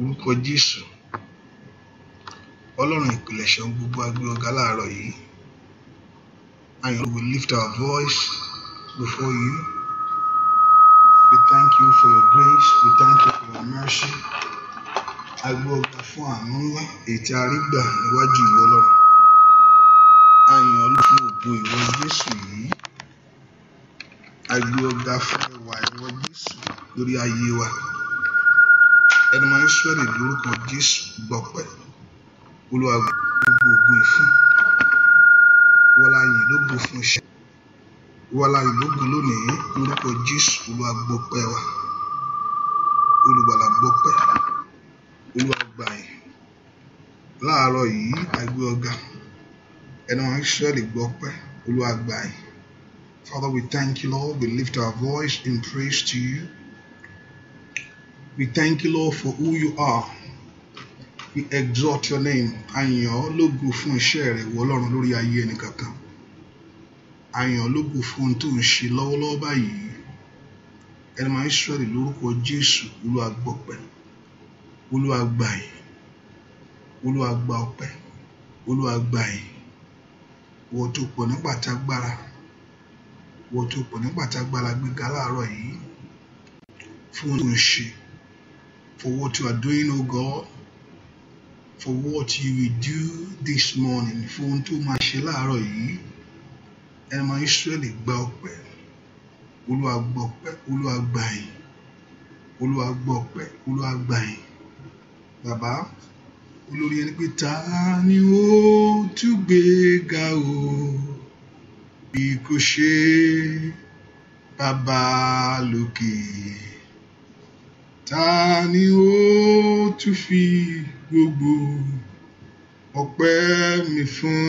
orúkọ jésù ọlọ́run ìpìlẹ̀ṣẹ̀ ohun gbogbo agbé ọ̀gá láàárọ̀ yìí and we lift our voice before you we thank you for your grace we thank you for your mercy agbé ọ̀gá fún àánú ńlá ètí arígbà níwájú ìwọ ọlọ́run àyàn olùfún òbò ìwọ jésù yìí agbé ọ̀gá fún ẹwà ìwọ jésù lórí ayé wa ẹnu máa ń sọ̀rọ̀ lórúkọ jésù gbọpẹ́ olúwa gbogbo ògùn ìfún wọlá yìí ló gbó fún iṣẹ́ wọlá yìí ló gbó lónìí lórúkọ jésù olúwa gbọpẹ́ wa olùgbàlà gbọpẹ́ olúwa gbà yìí láàárọ̀ yìí àgbé ọ̀gá ẹnu máa ń sọ̀rọ̀ gbọpẹ́ olúwa gbà yìí Father, we thank you, Lord. We lift our voice in praise to you. We thank you, Lord, for who you are. We exalt your name. A yìn ọ́ lógo fún iṣẹ́ rẹ̀ wọ Ọlọ́run lórí ayé ẹnìkankan. A yìn ọ́ lógo fún ohun tó ń ṣe lọ́wọ́lọ́wọ́ báyìí. Ẹni máa ń sọ̀rọ̀ lórúkọ Jésù Olúwa gbọpẹ́. Olúwa gbà yìí. Olúwa Wọ́n tó pọ̀ nípa tágbára. Wọ́n tó pọ̀ nípa tágbára gbéga láàárọ̀ yìí. Fún tó ń ṣe for what you are doing, O God, for what you will do this morning, fún ohun tó máa ṣe láàárọ̀ yìí. Ẹ máa Ísírẹ́lì gba ọpẹ́, Olúwa gba ọpẹ́, Olúwa gba yìí, Olúwa gba ọpẹ́, yìí. Bàbá olórí ẹni pé ta ni ó tún o bí kò ṣe bàbá lókè ta ni ó tún fi gbogbo ọpẹ́ mi fún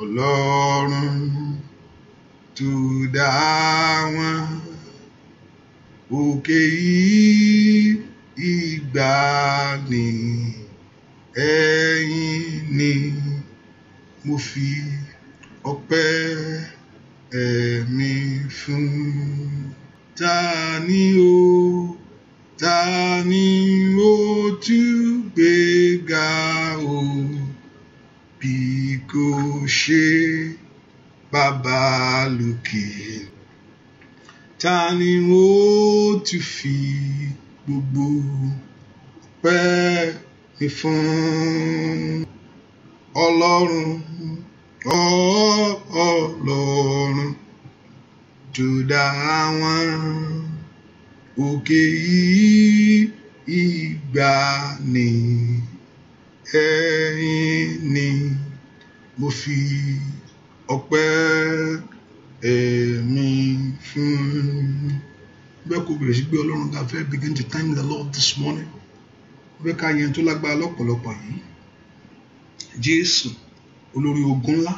ọlọ́run tó dá wọn òkè yìí ìgbà ni ẹ̀yin ni mo fi ọpẹ́ mi fún ta ni ó ta ni ó tún gbé ga o bí kò ṣe bàbá lókè ta ni ó tún fi gbogbo ọpẹ́ mi fún ọlọ́run ọlọ́run jùdà àwọn òkè yìí ìgbà ni ẹ̀yin ni mo fi ọpẹ́ ẹ̀mí fún bẹ́ẹ̀ kò bẹ̀rẹ̀ sí gbé ọlọ́run ká fẹ́ begin to thank the Lord this morning bẹ́ẹ̀ ká yẹn tó lágbára lọ́pọ̀lọpọ̀ yìí Jésù olórí ogun ńlá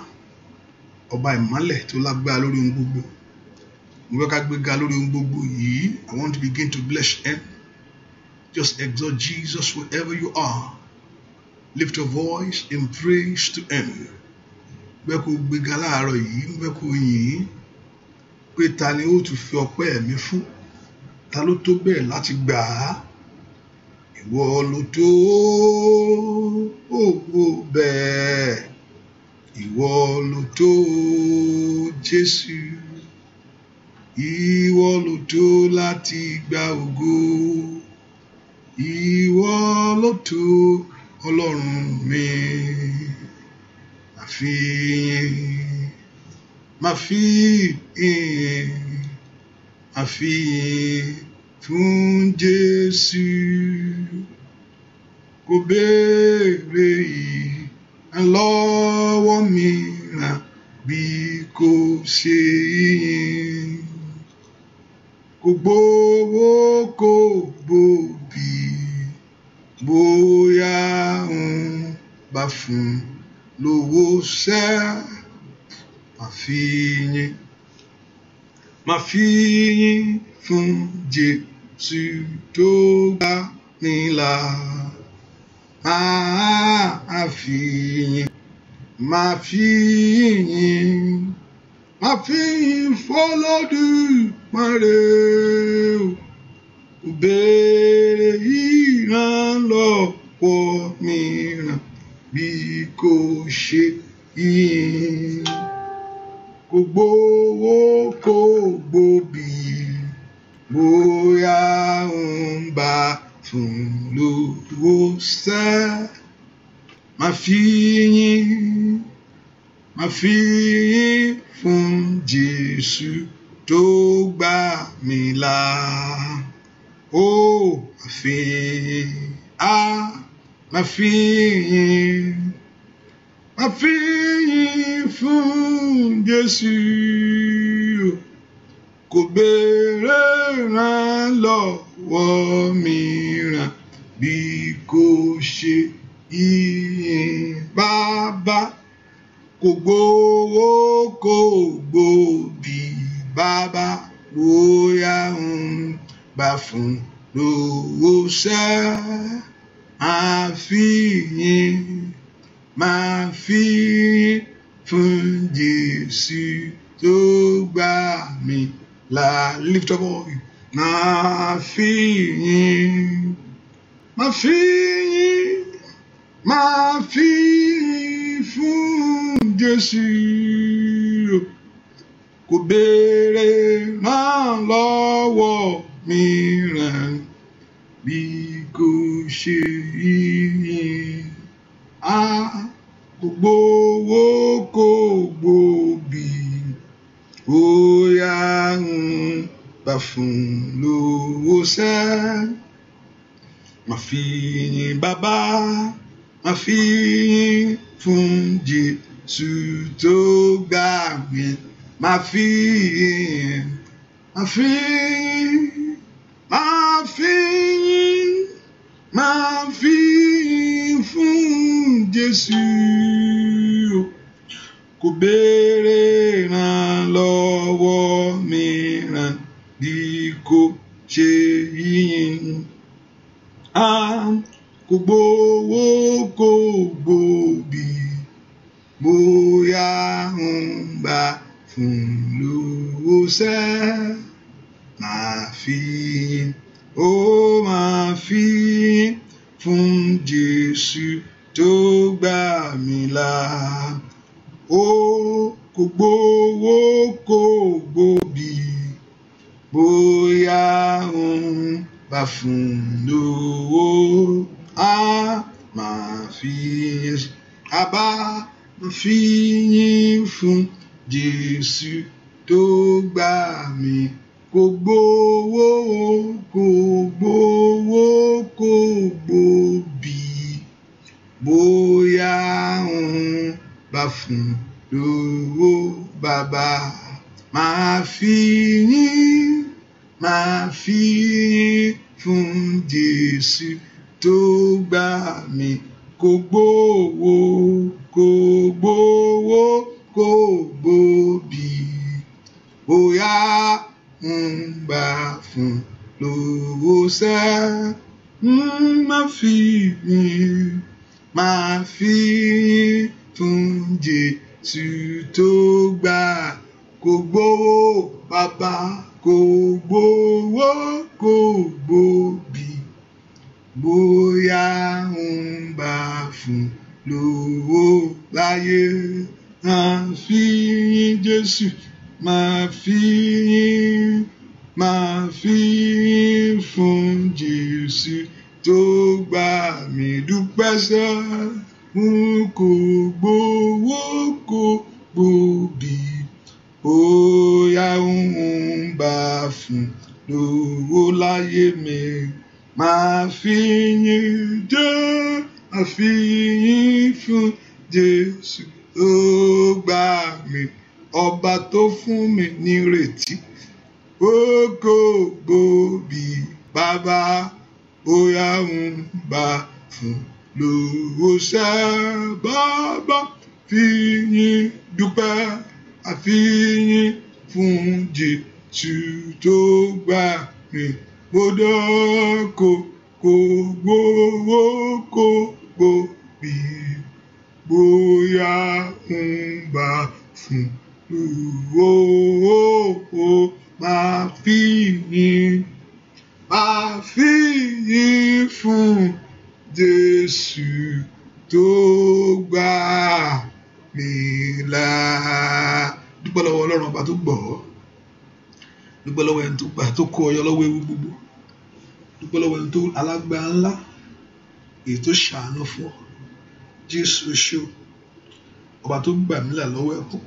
ọba ìmọ́lẹ̀ tó lágbára lórí ohun gbogbo I want to begin to bless him just exalt Jesus wherever you are lift your voice in praise to him mo fẹ́ kó gbéga láàárọ̀ yìí mo fẹ́ kó yìn pé ta ni ó tún fi ọpẹ́ mi fún ta ló tó bẹ́ẹ̀ láti gbà á ìwọ ló tó òwò bẹ́ẹ̀ ìwọ ló tó Jésù. Ìwọ ló tó láti gba ògo. Ìwọ ló tó Ọlọ́run mi. Màá fi yìn, màá fi yìn, màá fi yìn fún Jésù. Kò béèrè ìrànlọ́wọ́ mi rà bí kò ṣe yìn kò gbowó kò gbòbí bóyá ń bá fún lówó ṣẹ́ àfihàn máa fi yín fún Jésù tó gbà mí là àfihàn máa fi yín àfihàn fọlọ́dúnmarè kò béèrè ìrànlọ́wọ́ mìíràn bí kò ṣe yìnyín kò gbowó kò gbòbí bóyá ń bá tún lówó sá máa fi yín a fi yìn fún Jésù tó gbà mí là. Ó a fi yìn a máa fi yìn máa fi fún Jésù kò béèrè ràn lọ́wọ́ mi ràn bí kò ṣe ìyìn bàbá kò gbowó kò gbòbí bàbá bóyá ń bá fún lówó ṣá àfihàn máa fi fún Jésù tó gbà mí là lift up all you máa fi yìn máa fi yìn máa fi yìn fún. Jésù kò béèrè náà lọ́wọ́ mìíràn bí kò ṣe yìnyín a kò gbowó kò gbòbí ó yá ń gbà fún lówó sẹ́ màá fi bàbá màá fi fún Jésù to to God with my feet, my feet, my feet, my feet fún Jésù kò bẹ́ẹ̀. nírètí ògo gòbí bàbá bóyá ń bá fún lówó ṣá bàbá fi yín dúpẹ́ àfi yín fún Jésù tó gbà mí mo dọ́kọ̀ kò gbowó kò gbòbí bóyá ń bá fún. Ooo máa fi yìn máa fi yìn fún Jésù tó gbà mí là. Dúpẹ́ lọ́wọ́ Ọlọ́run ọba tó gbọ́ ọ́. Dúpẹ́ lọ́wọ́ ẹni tó gbà tó kó ọyọ lọ́wọ́ ewu gbogbo. Dúpẹ́ lọ́wọ́ ẹni tó alágbá ńlá èyí tó ṣàánú fún ọ. Jésù ṣó ọba tó gbà mí là lọ́wọ́ ẹ̀kọ́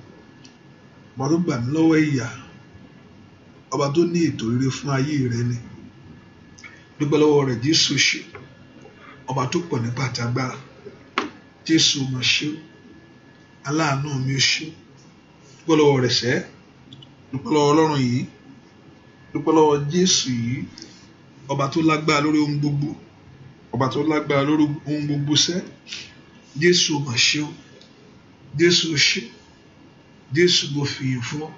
ọba tó gbà mí lọ́wọ́ ìyà ọba tó ní ètò rere fún ayé rẹ ni dúpẹ́ lọ́wọ́ rẹ̀ jésù ṣe ọba tó pọ̀ nípa àtàgbára jésù mà ṣe aláàánú mi ṣe dúpẹ́ lọ́wọ́ rẹ̀ sẹ́ dúpẹ́ lọ́wọ́ ọlọ́run yìí dúpẹ́ lọ́wọ́ jésù yìí ọba tó lágbára lórí ohun gbogbo ọba tó lágbára lórí ohun gbogbo sẹ́ jésù mà ṣe jésù ṣe jésù mo fìyìn fún ọ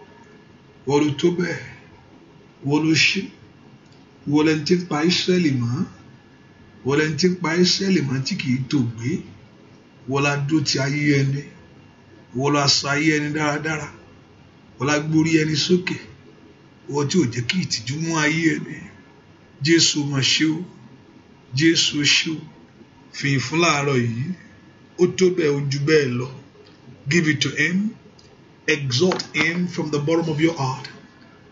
wọ́n ló tó bẹ́ẹ̀ wọ́n ló ṣí wọ́n lẹ́ni tí ń pa Ísírẹ́lì mọ́ wọ́n lẹ́ni tí ń pa Ísírẹ́lì mọ́ tí kì í tògbé wọ́n la dó ti ayé ẹni wọ́n la sọ ayé ẹni dáradára wọ́n la gbórí ẹni sókè wọ́n tí ò jẹ́ kí ìtìjú mú ayé ẹni jésù mà ṣe o jésù ṣe o fìyìn fún láàárọ̀ yìí ó tó bẹ́ẹ̀ ó ju bẹ́ẹ̀ lọ give it to him exalt him from the bottom of your heart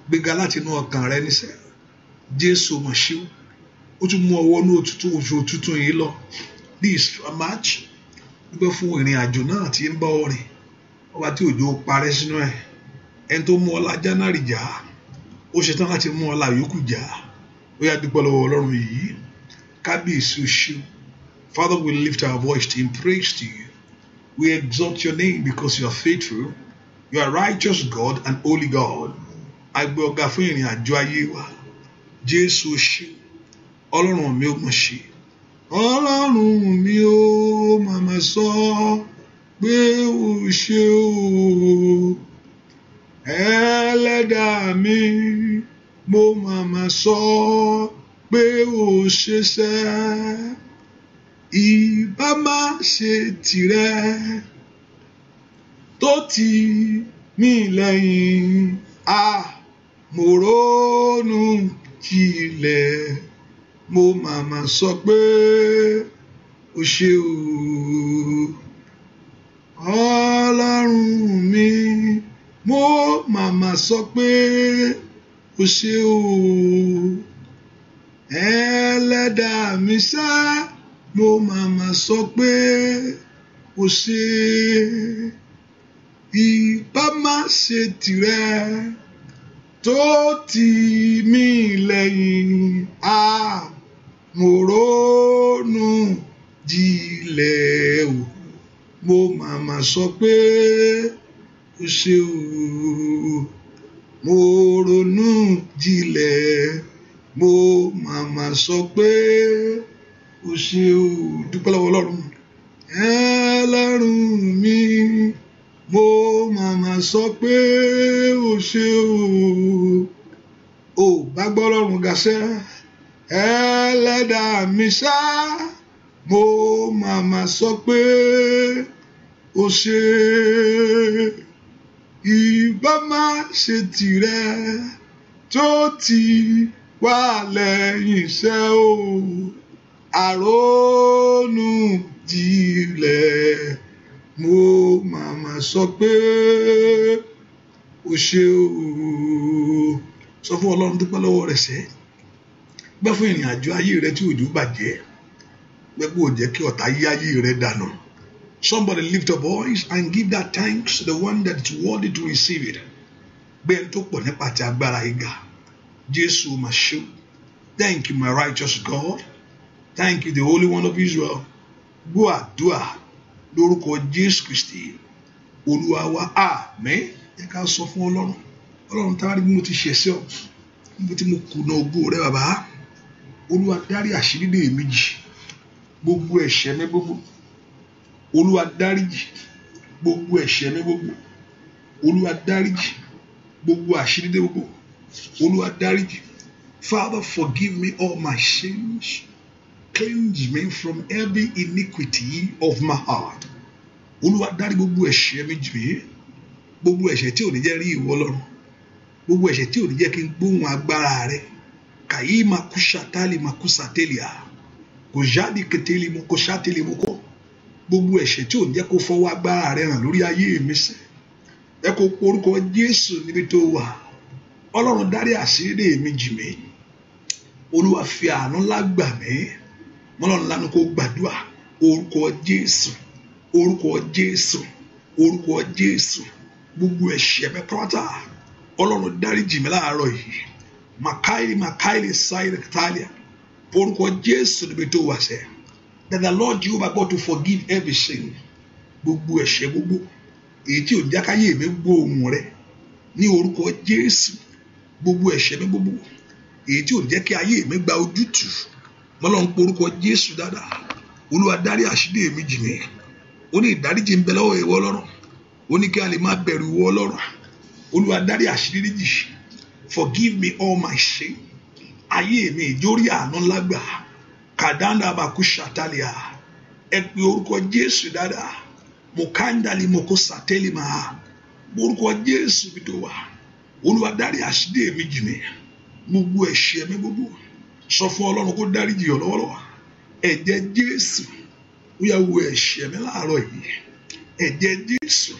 gbéga láti inú ọkàn rẹ níṣẹ́ Jésù mọṣíw ó tún mú ọwọ́ ní òtútù oṣù òtútù yìí lọ this march dúpẹ́ fún ìrìn àjò náà tí ń bá ọ rìn ọba tí òjò parẹ́ sínú ẹ̀ ẹni tó mú ọ la January jà ó ṣetán láti mú ọ la yòókù jà ó yá dúpẹ́ lọ́wọ́ Ọlọ́run yìí kábíyèsí o Father we lift our voice to him praise to you we exalt your name because you are faithful. You are righteous God and holy God. Agbe ọ̀gá fún ìrìn àjò ayé wa. Jésù ṣe. Ọlọ́run mi ò mọ̀ ṣe. Ọlọ́run mi ò màmá sọ pé ò ṣe o. Ẹlẹ́dàá mi mo màmá sọ pé ò ṣe sẹ́. Ìbá má ṣe tìrẹ tó tì mí lẹ́yìn a mo ronú jinlẹ̀ mo màmá sọ pé o ṣe o ọlọ́run mi mo màmá sọ pé o ṣe o ẹlẹ́dàá mi ṣá mo màmá sọ pé o ṣe o ìbá má ṣe tìrẹ tó tì mí lẹ́yìn a mo ronú jinlẹ̀ o mo màmá sọ pé o ṣe o mo ronú jinlẹ̀ mo màmá sọ pé o ṣe o dúpẹ́ lọ́wọ́ ọlọ́run ẹlẹ́rùn mi mo màmá sọ pé o ṣe o ò bá gbọ́ lọ́rùn gàṣẹ́ ẹlẹ́dàá mi ṣá mo màmá sọ pé o ṣe ìbá má ṣe tìrẹ tó ti wà lẹ́yìn iṣẹ́ o àrònú jinlẹ̀ mo màmá sọ pé o ṣe ooo sọ fún ọlọ́run dúpẹ́ lọ́wọ́ rẹ̀ sẹ́ gbẹ́ fún ìrìn àjò ayé rẹ tí òjò bàjẹ́ gbẹ́ pé ò jẹ́ kí ọ̀tá yí ayé rẹ dànù somebody lift up voice and give that thanks to the one that is worthy to receive it gbé ẹni tó pọ̀ nípa ti agbára ìgà Jésù máa ṣe thank you my righteous God thank you the Holy One of Israel gbọ́ àdúrà lórúkọ jésù kristi olúwa wa àmín ká sọ fún ọlọ́run ọlọ́run tá a rí bí mo ti ṣẹ̀ṣẹ̀ ọ níbi tí mo kùnà ògo rẹ bàbá olúwa dárí àṣírí dè mí jì gbogbo ẹ̀ṣẹ̀ mi gbogbo olúwa dáríjì gbogbo ẹ̀ṣẹ̀ mi gbogbo olúwa dáríjì gbogbo àṣírí dè gbogbo olúwa dáríjì Father forgive me all my sins cleanse me from every iniquity of my heart olúwa dárí gbogbo ẹ̀ṣẹ̀ mi jì mí gbogbo ẹ̀ṣẹ̀ tí ò ní jẹ́ rí ìwọ ọlọ́run gbogbo ẹ̀ṣẹ̀ tí ò ní jẹ́ kí n gbóhùn agbára rẹ kàyí makusa tálí makusa tẹ́lẹ̀ à kò jáde kẹtẹ́lẹ̀ mo kò sátẹ́lẹ̀ mo kọ́ gbogbo ẹ̀ṣẹ̀ tí ò ní jẹ́ kó fọwọ́ agbára rẹ hàn lórí ayé mi sẹ́ ẹ kò porúkọ jésù níbi tó wà ọlọ́run dárí àṣírí mi jì mí olúwa fi àánú lágbà mọ́lọ́run lánàá kó gbàdúrà orúkọ Jésù orúkọ Jésù orúkọ Jésù gbogbo ẹ̀ṣẹ̀ mi pátá ọlọ́run dáríjì mi láàárọ̀ yìí makaili makaili saire talia orúkọ Jésù níbi tó wà sẹ́ that the Lord Jehovah God to forgive everything gbogbo ẹ̀ṣẹ̀ gbogbo èyí tí ò ń jákáyé mi gbọ́ ohùn rẹ̀ ní orúkọ Jésù gbogbo ẹ̀ṣẹ̀ mi gbogbo èyí tí ò ń jẹ́ kí ayé mi gba ojútùú mọ́lọ́n porúkọ jésù dáadáa olúwa dárí àṣírí èmi jì mí ó ní ìdáríjì ń bẹ lọ́wọ́ ìwọ ọlọ́run ó ní kí a lè má bẹ̀rù ìwọ ọlọ́run olúwa dárí àṣírí jì forgive me all my sin ayé mi ìjórí àánú lágbà kàdáńdà àbàkú ṣàtàlíà ẹ pe orúkọ jésù dáadáa mo káńdàlì mo kó sàtẹ́lì máa orúkọ jésù bí tó wà olúwa dárí àṣírí èmi jì mí gbogbo ẹ̀ṣẹ̀ mi gbogbo sọ fún ọlọ́run kó dáríjì ọ lọ́wọ́lọ́wọ́ ẹ̀jẹ̀ jésù ó yá wo ẹ̀ṣẹ̀ mi láàárọ̀ yìí ẹ̀jẹ̀ jésù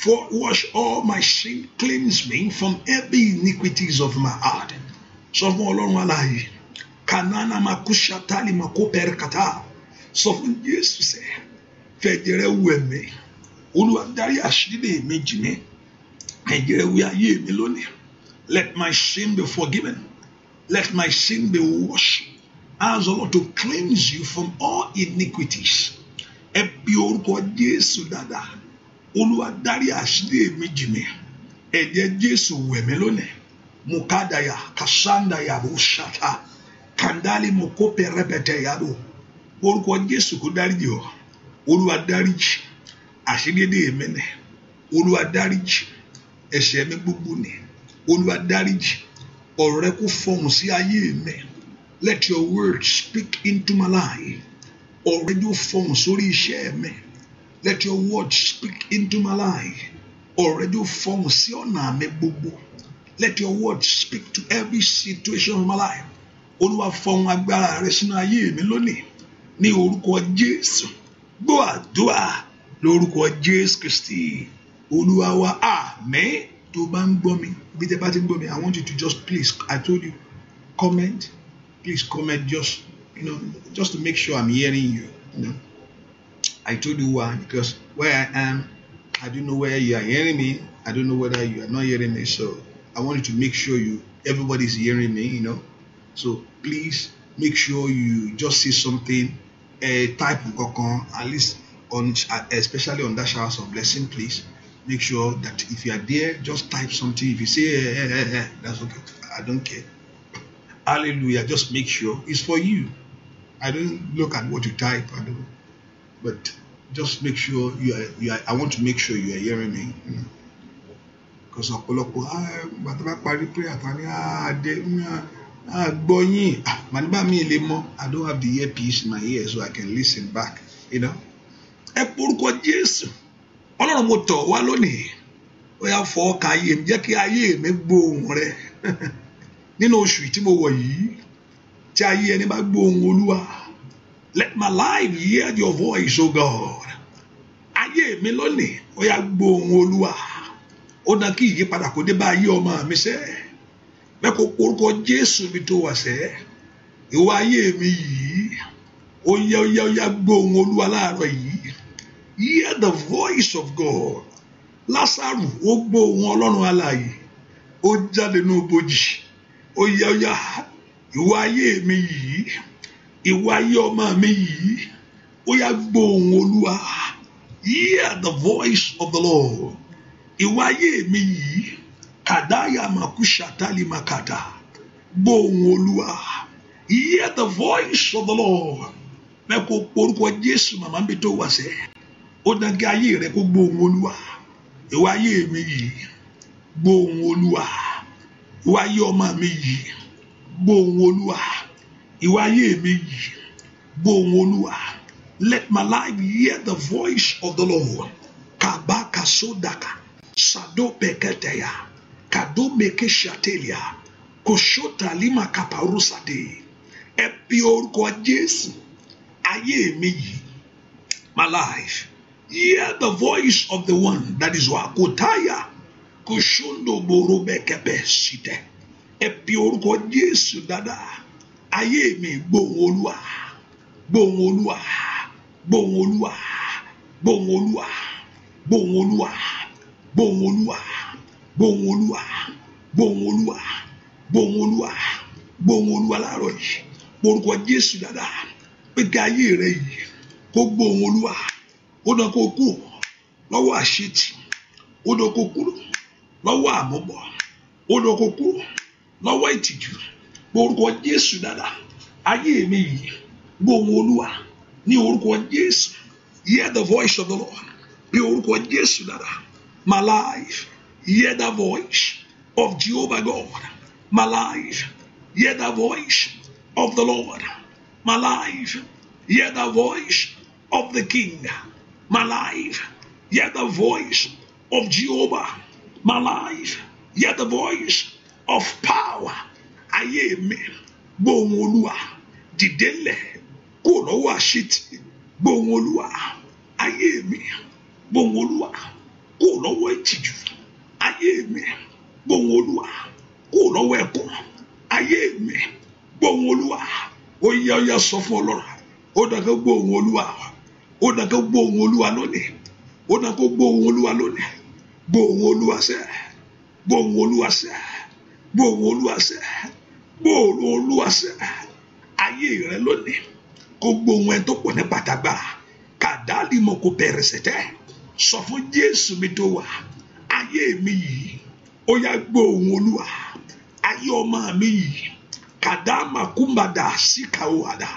for wash all my sin cleans me from every iniquities of my heart sọ fún ọlọ́run aláàyè kanana makusha tali makopẹ̀rẹ̀ kata sọ fún jésù sẹ fẹ̀jẹ̀ rẹ wẹ̀ mí olúwa dárí àṣírí mi jì mí ẹ̀jẹ̀ rẹ wẹ̀ ayé mi lónìí let my sin be forgiven. Let my sin be washed. Ask the Lord to cleanse you from all iniquities. Ẹ pe orúkọ Jésù dada. Olúwa dárí àṣírí èmi jì mí. Ẹ̀jẹ̀ Jésù wẹ̀ mí lónìí. Mukadaya Kasanda Yabo Shata Kandali Mokope Repete Yabo. Orúkọ Jésù kó dáríjì ọ́. Olúwa dáríjì. Àṣírí èmi ni. Olúwa dáríjì. Ẹ̀ṣẹ̀ mi gbogbo ni. Olúwa dáríjì ọ̀rọ̀ rẹ kó fọhùn sí ayé mi let your word speak into my life ọ̀rọ̀ rẹ yóò fọhùn sórí iṣẹ́ mi let your word speak into my life ọ̀rọ̀ rẹ yóò fọhùn sí ọ̀nà mi gbogbo let your word speak to every situation of my life olúwa fọhùn agbára rẹ sínú ayé mi lónìí ní orúkọ jésù gbọ́ àdúrà lórúkọ jésù kristi olúwa wa àmín. Ah, tó bá ń gbọ́ mi bí tẹ bá ti ń gbọ́ mi I want you to just please I told you comment please comment just you know just to make sure I'm hearing you you know I told you why because where I am I don't know where you are hearing me I don't know whether you are not hearing me so I want you to make sure you everybody is hearing me you know so please make sure you just say something uh, type nǹkan kan at least on uh, especially on that shower of blessing please make sure that if you are there, just type something. If you say, eh, eh, eh, eh, that's okay. I don't care. Hallelujah. Just make sure it's for you. I don't look at what you type. I don't. But just make sure you are. You are I want to make sure you are hearing me. Because ọ̀pọ̀lọpọ̀ ah, bàtà bá parí prayer tán ni àdé ah, àgbọ̀ mm, ah, yín màníbà mi lè mọ́ I don't have the earpiece in my ear so I can listen back. You know? Ẹ porúkọ Jésù ọlọ́run mo tọ̀ wá lónìí ó yá fọ ọkà ayé mi jẹ́ kí ayé mi gbóhùn rẹ nínú oṣù tí mo wọ̀ yìí tí ayé ẹni bá gbóhùn olúwa let my life hear your voice o oh God ayé mi lónìí ó yá gbóhùn olúwa ó dán kí ìyípadà kó dé bá ayé ọmọ mi sẹ́ mẹ́kò orúkọ Jésù mi tó wà sẹ́ ìwọ ayé mi yìí ó yá ó yá ó yá gbóhùn olúwa láàárọ̀ yìí hear the voice of God Lásárù ó gbọ́ ohùn Ọlọ́run alààyè ó jáde ní ibojì ó yá ó yá ìwọ ayé mi yìí ìwọ ayé ọmọ mi yìí ó yá gbọ́ ohùn Olúwa hear the voice of the Lord ìwọ ayé mi yìí kàdáyà màkúṣà tálí màkàtà gbọ́ ohùn Olúwa hear the voice of the Lord mẹ́kọ̀ọ́ orúkọ Jésù màmá mi tó wà sẹ́ẹ̀ ó dangi ayé rẹ kó gbọ́ ohùn olúwa ìwà ayé mi yìí gbọ́ ohùn olúwa ìwà ayé ọmọ mi yìí gbọ́ ohùn olúwa ìwà ayé mi yìí gbọ́ ohùn olúwa let my life hear the voice of the Lord kabaka sodaka sadopeketeya kadomekesatelia kòsótàlímà kàpárùsàdé ẹ pe orúkọ Jésù ayé mi yìí my life. Hear the voice of the one that is Wakotaya. Kushundo borobekepe Site. Ẹ pe dada Jésù dáadáa. Ayé mi gbóhùn Olúwa. Gbóhùn Olúwa. Gbóhùn Olúwa. Gbóhùn Olúwa. Gbóhùn Olúwa. Gbóhùn Olúwa. Gbóhùn Olúwa. Gbóhùn Olúwa. Gbóhùn rẹ yìí kó gbóhùn ó dán kó kú lọ́wọ́ àṣetì ó dán kó kú lọ́wọ́ àmúbọ̀ ó dán kó kú lọ́wọ́ ìtìjú orúkọ Jésù dada ayé mi yìí gbóhùn Olúwa ní orúkọ Jésù hear the voice of the Lord ní orúkọ Jésù dada my life hear the voice of Jehovah God my life hear the voice of the Lord my life hear the voice of the King my life. yet the voice of Jehovah, my life. yet the voice of power. Ayé mi, gbóhùn Olúwa, dìde lẹ̀, kúrò lọ́wọ́ àṣetì, gbóhùn Olúwa. Ayé mi, gbóhùn Olúwa, kúrò lọ́wọ́ ìtìjú. Ayé mi, gbóhùn Olúwa, kúrò lọ́wọ́ ẹ̀kọ́. Ayé mi, ó dàn kó gbọ́ ohùn olúwa lónìí ó dàn kó gbọ́ ohùn olúwa lónìí gbọ́ ohùn olúwa sẹ́ gbọ́ ohùn olúwa sẹ́ gbọ́ ohùn olúwa sẹ́ gbọ́ ohùn olúwa sẹ́ ayé rẹ lónìí kó gbọ́ ohùn ẹ tó pọ̀ ní pàtàgbà kàdáàlì mọ̀ kó bẹ̀rẹ̀ sẹ̀tẹ̀ sọ fún jésù mi tó wà ayé mi yìí ó yá gbọ́ ohùn olúwa ayé ọmọ mi yìí kàdáàmà kúmbàdà síkàwádà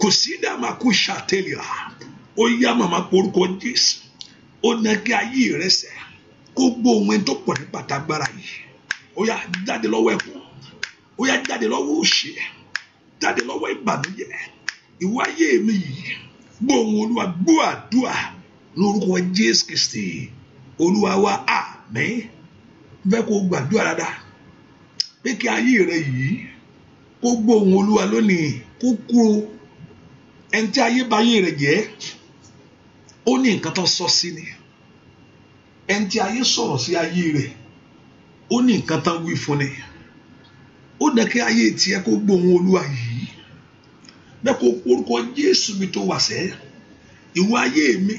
kò sídàmà kú ṣàtẹlẹ ó yá màmá porúkọ Jésù ó nàgé ayé rẹ sẹ kó gbó ohun ẹni tó pọ̀ ní pàtàgbára yìí ó yá jáde lọ́wọ́ ẹ̀kọ́ ó yá jáde lọ́wọ́ òṣè jáde lọ́wọ́ ìbànújẹ́ ìwáyé mi yìí gbó ohun olúwa gbó àdúrà lórúkọ Jésù Kristi olúwa wa àmín bẹ́ẹ̀ kó gbàdúrà dáadáa pé kí ayé rẹ yìí kó gbó ohun olúwa lónìí kó kúrò ẹni tí ayé bá yé rẹ jẹ́ ó ní nǹkan tán sọ sí ni ẹni tí ayé sọ̀rọ̀ sí ayé rẹ̀ ó ní nǹkan tán wí fún ni ó dẹ̀ kí ayé tiẹ̀ kó gbóhùn olúwa yìí bẹ́ẹ̀ kó orúkọ Jésù mi tó wà sẹ́ ìwọ ayé mi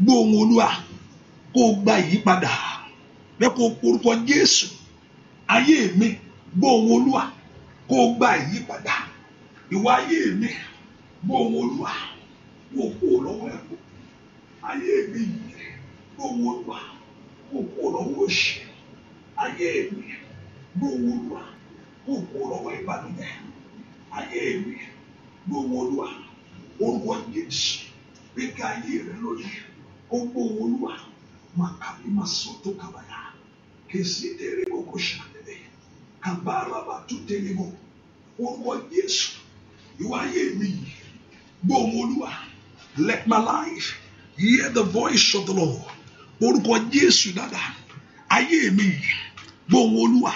gbóhùn olúwa kó gba ìyípadà bẹ́ẹ̀ kó orúkọ Jésù ayé mi gbóhùn olúwa kó gba ìyípadà ìwọ ayé mi gbóhùn olúwa wò kó lọ́wọ́ ẹ̀kọ́ ayé mi gbówó gbà kókó lọ́wọ́ òṣì ayé mi gbówó gbà kókó lọ́wọ́ ìbànújẹ́ ayé mi gbówó gbà orúkọ Jésù gbéga ayé rẹ lónìí ó gbówó gbà màkàbí máa sọ tó kàbàyà kèsì tèrè kókó ṣàtẹlẹ kàbàrà bàtú tèrè kó orúkọ Jésù ìwà ayé mi gbówó gbà let my life hear the voice of the Lord orúkọ Jésù dáadáa ayé mi gbóhùn Olúwa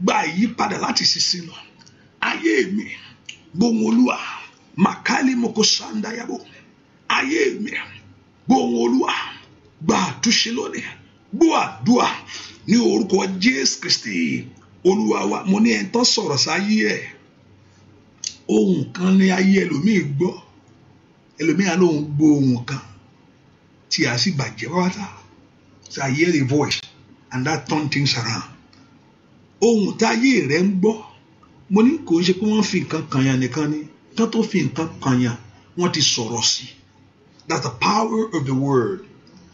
gba ìyípadà láti sísìn lọ ayé mi gbóhùn Olúwa màkàlí moko sàndáyàbò ayé mi gbóhùn Olúwa gba àtúnṣe lónìí gbọ́ àdúrà ní orúkọ Jésù Kristi Olúwa wa mo ní ẹni tó sọ̀rọ̀ sáyé ẹ̀ ohun kan ní ayé ẹlòmíì gbọ́ ẹlòmíì á lóun kan tí a so I hear the voice and that turn things around Oh, táyé rembo. ń gbọ́ mo ní kò ń ṣe pé wọ́n fi nǹkan kànyàn nìkan ni kán tó fi nnkan that the power of the word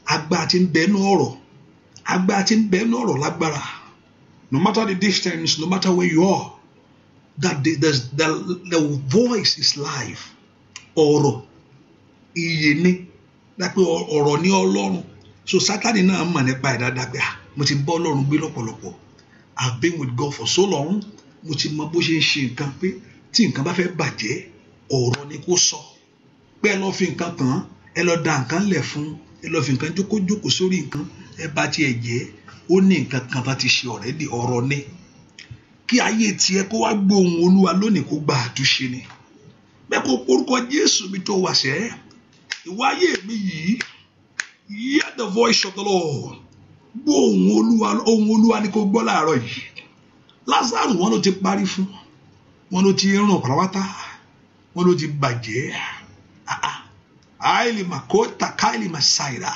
agbára tí ń bẹ ọ̀rọ̀ ọ̀rọ̀ lágbára no matter the distance no matter where you are that the the the, the voice is live ọ̀rọ̀ Iyene. dápẹ́ ọ̀rọ̀ ní ọlọ́run so sátani náà mọ̀ nípa ẹ̀ dáadáa pé ah mo ti bọ́ ọlọ́run gbé lọ́pọ̀lọpọ̀ i've been with God for so long mo ti mọ bó ṣe ń ṣe nǹkan pé tí nǹkan bá fẹ́ bàjẹ́ ọ̀rọ̀ ni kó sọ pé ẹ lọ fi nǹkan kàn án ẹ lọ da nǹkan lẹ̀ fún ẹ lọ fi nǹkan jókòjókòó sórí nǹkan ẹ bá tiẹ̀ jẹ́ ó ní nǹkan kan bá ti ṣe ọ̀rẹ́ di ọ̀rọ̀ ni kí ayé tiẹ̀ kó wá gbóhùn olúwa lónìí kó gba àtúnṣe ni bẹ́ẹ̀ kó porúkọ jésù mi tó wàṣẹ́ ìwọ ayé mi yìí hear the voice of the Lord gbọ́ ohùn olúwa ohùn olúwa ni kò gbọ́ láàárọ̀ yìí Lásárù wọn ló ti parí fún wọn ló ti rún pàrọwátá wọn ló ti bàjẹ́ àìlè ah, ah. màkó takáìlè màsáìlà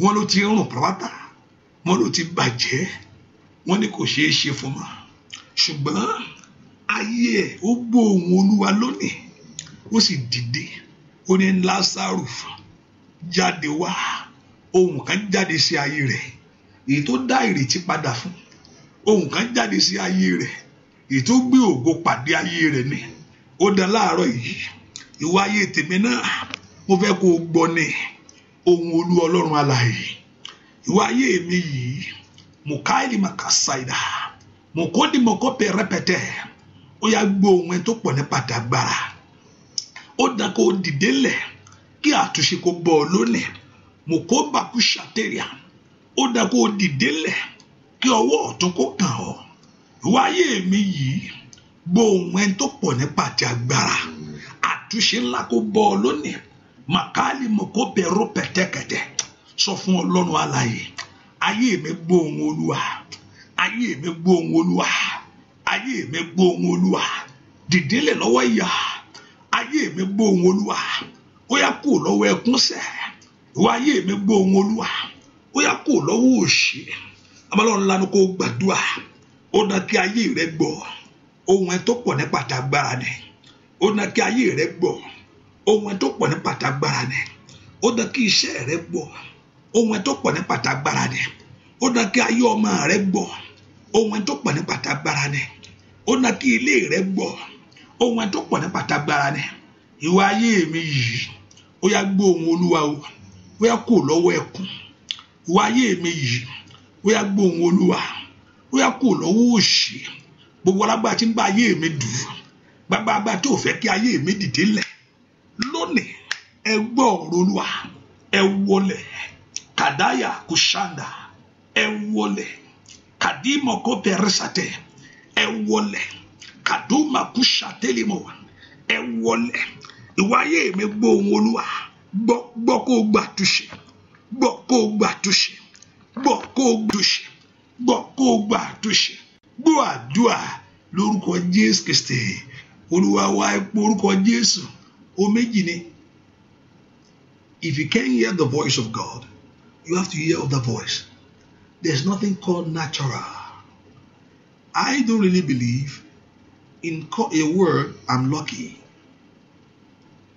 wọn ló ti rún pàrọwátá wọn ló ti bàjẹ́ wọn ni kò ṣeé ṣe fún wọn ṣùgbọ́n ayé ẹ̀ ó gbọ́ ohùn olúwa lónìí ó sì dìde. Si ó ní Lásárù jáde wá ohun kan jáde sí ayé rẹ̀ èyí tó dá ìrètí padà fún ohun kan jáde sí ayé rẹ̀ èyí tó gbé ògo pàdé ayé rẹ̀ ni ó dá láàárọ̀ yìí ìwà ayé tèmi náà mo fẹ́ kó o gbọ́ ni ohun olú ọlọ́run alààyè ìwà ayé mi yìí mukaili makasaida mokodi mokope rẹpẹtẹ ó yá gbọ́ ohun ẹ tó pọ̀ nípa dàgbára ó dàn kó dìde lẹ̀ kí àtúnṣe kó bọ́ ọ lónìí mùkóbà kú ṣàtẹ̀rìà ó dàn kó dìde lẹ̀ kí ọwọ́ ọ̀tún kó kàn ọ́ ìwà ayé mi yìí gbóhùn ẹni tó pọ̀ nípa ti agbára àtúnṣe ńlá kó bọ́ ọ lónìí màkàlì mọ̀kóbẹ̀ ró pẹ̀tẹ́kẹ̀tẹ́ sọ fún ọlọ́run alààyè ayé mi gbóhùn olúwa ayé mi gbóhùn olúwa ayé mi gbóhùn olúwa dìde lẹ̀ lọ́wọ́ ìyá ayé mi gbóhùn olúwa ó yá kó lọ́wọ́ ẹkún sẹ̀ ìwọ ayé mi gbóhùn olúwa ó yá kó lọ́wọ́ òṣì abálọ́run lanu kó gbàdúrà ó dá kí ayé rẹ gbọ́ ohun ẹ tó pọ̀ ní pàtàgbára ni ó dá kí ayé rẹ gbọ́ ohun ẹ tó pọ̀ ní pàtàgbára ni ó dá kí iṣẹ́ rẹ gbọ́ ohun ẹ tó pọ̀ ní pàtàgbára ni ó dá kí ayé ọmọ rẹ gbọ́ ohun ẹ tó pọ̀ ní pàtàgbára ni ó dá kí ilé rẹ gbọ́ ohun ẹni tó pọ̀ ní pàtàgbára ni ìwà ayé mi yìí ó yá gbé ohùn olúwa o ó yá kó lọ́wọ́ ẹkún ìwà ayé mi yìí ó yá gbé ohùn olúwa ó yá kó lọ́wọ́ òṣì gbogbo alágbára tí ń bá ayé mi dùn gbàgbà àgbà tó fẹ́ kí ayé mi dìde lẹ̀ lónìí ẹ gbọ́ ọ̀rọ̀ olúwa ẹ wọlé kàdáyà kò ṣàǹdà ẹ wọlé kàdímọ̀ kó pẹ̀rẹ́sàtẹ̀ ẹ wọlé kàdúmà kúṣà tẹ́lẹ̀ ẹ wọlé ìwáyé mi gbọ́ ohùn olúwa gbọ́ gbọ́ kó o gbà túṣe gbọ́ kó o gbà túṣe gbọ́ kó o gbà túṣe gbọ́ kó o gbà túṣe gbọ́ àdúà lórúkọ jésù kristi olúwa wa epo orúkọ jésù o méjì ni if you can hear the voice of God you have to hear other voice there is nothing called natural I don't really believe In a word, I'm lucky.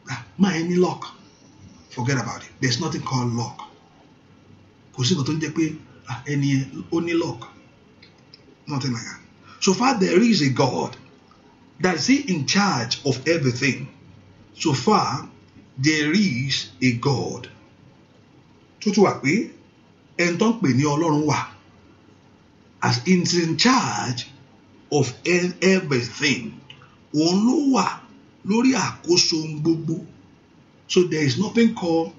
Ah, My any luck. Forget about it. There's nothing called luck. Kò sí nǹkan any ah, only luck. Nothing like that. So far there is a God that is in charge of everything. So far there is a God. Tó tún wà pé ẹni tó ń pè as in charge of everything òun ló wà lórí àkóso ohun gbogbo so there is nothing called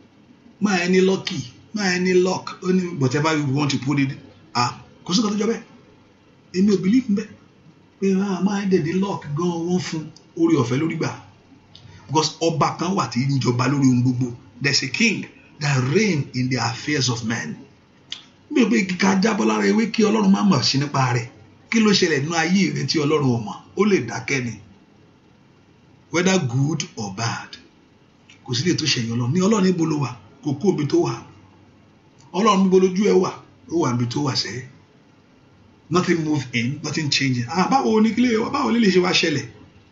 máa any lucky máa any luck any whatever you want to put it ah kò sí kan tó jọ bẹ́ẹ̀ èmi ò believe bẹ́ẹ̀ pé ah máa ń luck gan wọ́n fún orí ọ̀fẹ́ lórí gbà because ọba kan wà tí ń jọba lórí ohun gbogbo there is a king that reign in the affairs of men mi ò bẹ́ẹ̀ kíkà jábọ́ lára ewé kí ọlọ́run má mọ̀ sí nípa rẹ̀ kí ló ṣẹlẹ̀ nínú ayé rẹ tí ọlọ́run ọmọ ó lè dákẹ́ ni whether good or bad kò sí lè tó ṣẹ̀yìn ọlọ́run ní ọlọ́run níbo ló wà kò kú omi tó wà ọlọ́run níbo lójú ẹ wà ó wà níbi tó wà sẹ́yìn nothing move in nothing change ah báwo ni kílé báwo lè ṣe wá ṣẹlẹ̀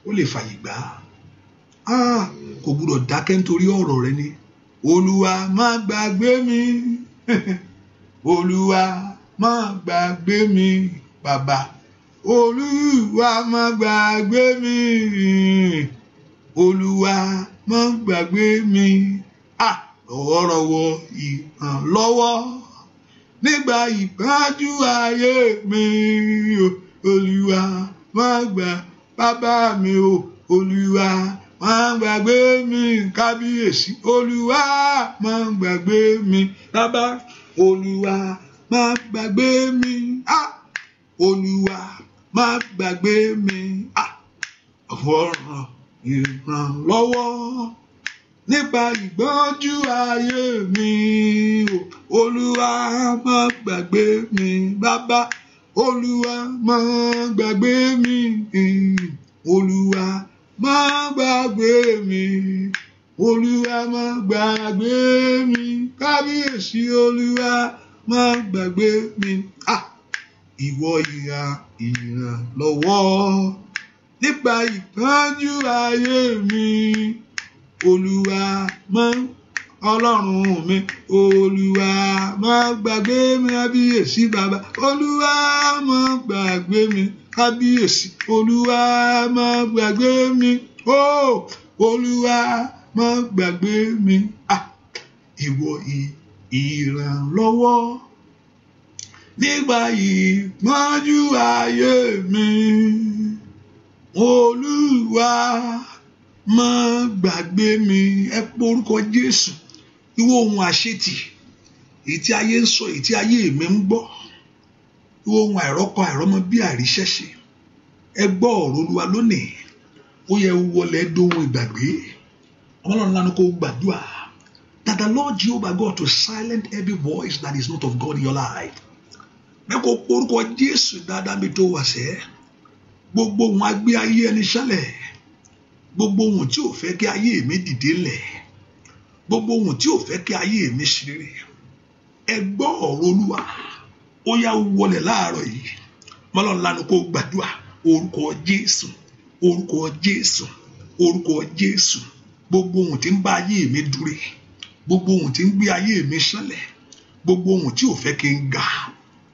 ó lè fàyè gbà á ah kò gbúdọ̀ dákẹ́ nítorí ọ̀rọ̀ rẹ ni olúwa má gbàgbé mi olúwa má gbàgbé mi bàbá olúwa má gbàgbé mi olúwa má gbàgbé mi ọ̀rọ̀wọ̀ ìrànlọ́wọ́ nígbà ìpọ́njú ayé mi olúwa má gbà bàbá mi o olúwa má gbàgbé mi kábíyèsí olúwa má gbàgbé mi bàbá olúwa má gbàgbé mi. Ah! olúwa má gbàgbé mi àwòrán ìrànlọ́wọ́ nípa ìgbọ́njú ayé mi olúwa má gbàgbé mi bàbá olúwa má gbàgbé mi olúwa má gbàgbé mi olúwa má gbàgbé mi kábíyèsí olúwa má gbàgbé mi. Ah ìwọ ìran ìrànlọ́wọ́ nípa ìpọ́njú ayé mi olúwa mọ́ ọlọ́run mi olúwa má gbàgbé mi abíyèsí bàbá olúwa má gbàgbé mi abíyèsí olúwa má gbàgbé mi ó olúwa má gbàgbé mi ah, ìwọ ìrànlọ́wọ́ nígbà ìpọ́njú ayé mi olúwa má gbàgbé mi ẹ pé orúkọ jésù ìwọ ohun àṣetì èyí ayé ń sọ èyí ayé mi ń gbọ́ ìwọ ohun àìrọ́kọ àìrọ́mọ bí àríṣẹ́ṣe ẹ gbọ́ ọ̀rọ̀ olúwa lónìí ó yẹ wọlé dohun ìgbàgbé ọlọ́run lánàá kó gbàdúrà that the Lord Jehovah God to silent every voice that is not of God in your life bí kò porúkọ Jésù dáadáa mi tó wà sẹ́ gbogbo ohun agbé ayé ẹni ṣálẹ̀ gbogbo ohun tí ò fẹ́ kí ayé mi dìde lẹ̀ gbogbo ohun tí ò fẹ́ kí ayé mi ṣeré ẹ gbọ́ ọ̀rọ̀ Olúwa ó yá wọlé láàárọ̀ yìí mọ́lọ́nlánu kó gbàdúrà orúkọ Jésù orúkọ Jésù orúkọ Jésù gbogbo ohun tí ń bá ayé mi dúró gbogbo ohun tí ń gbé ayé mi ṣánlẹ̀ gbogbo ohun tí ò fẹ́ kí n ga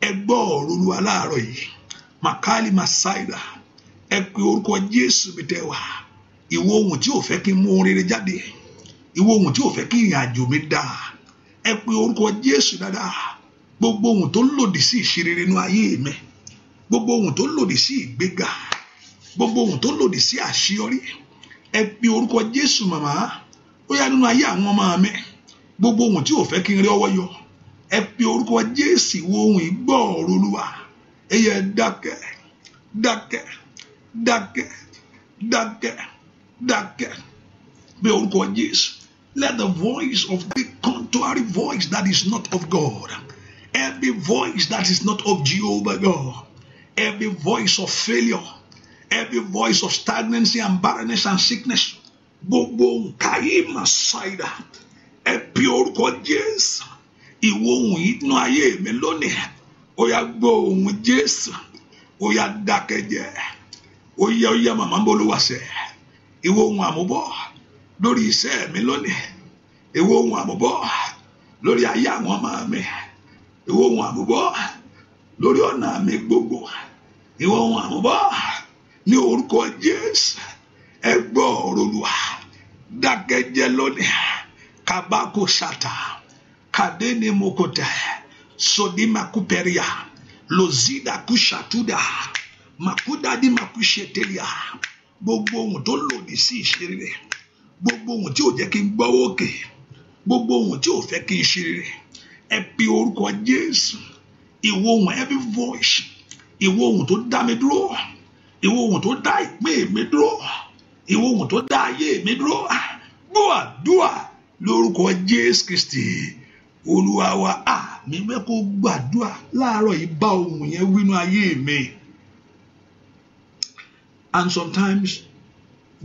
ẹ gbọ́ ọ̀rọ̀ yìí makali masaida ẹ pe orúkọ jésù mi tẹ wá ìwọ ohun tí ò fẹ́ kí n mú rere jáde ìwọ ohun tí ò fẹ́ kí ìrìn àjò mi dà ẹ pe orúkọ jésù dáadáa gbogbo ohun tó lòdì sí ìṣerere inú ayé mi gbogbo ohun tó lòdì sí ìgbéga gbogbo ohun tó lòdì sí àṣeyọrí ẹ pe orúkọ jésù màmá ó yá nínú ayé àwọn ọmọ mi gbogbo ohun tí ò fẹ́ kí n rí ọwọ́ yọ ẹ pe orúkọ jésù wo ohùn ìgbọ́ ọ̀rọ̀ olúwa ẹyẹ dákẹ́ dákẹ́ dákẹ́ dákẹ́ dákẹ́ pe orúkọ jésù let the voice of the contrary voice that is not of God every voice that is not of Jehovah God every voice of failure every voice of stagnancy and barrenness and sickness gbogbo nǹkan yìí mà ṣáìdá ẹ pe orúkọ jésù. ìwọ ohùn inú ayé mi lónìí ó yà gbọ́ ohun Jésù ó yà dákẹ́jẹ́ ó yá ó yá màmá bolúwaṣẹ ìwọ lórí iṣẹ́ mi lónìí ìwọ ohùn lórí ayé àwọn ọmọ mi ìwọ ohùn lórí ọ̀nà mi gbogbo ní orúkọ Jésù ọ̀rọ̀ lónìí kadene mokote sodima kuperia lozida kushatuda makudadi makushetelia gbogbo ohun tó lòdì sí ìṣeré rẹ gbogbo ohun tí ò jẹ́ kí n gbọ́wọ́ òkè gbogbo ohun tí ò fẹ́ kí n ṣe ẹ pe orúkọ Jésù ìwọ ohun every voice ìwọ ohun tó dá mi dúró ìwọ ohun tó dá ìpín mi dúró ìwọ ohun tó dá ayé mi dúró gbọ́ àdúrà lórúkọ Jésù Kristi olúwa wa mi fẹ́ kó gbàdúrà láàárọ̀ yìí bá ohun yẹn wínú ayé mi. And sometimes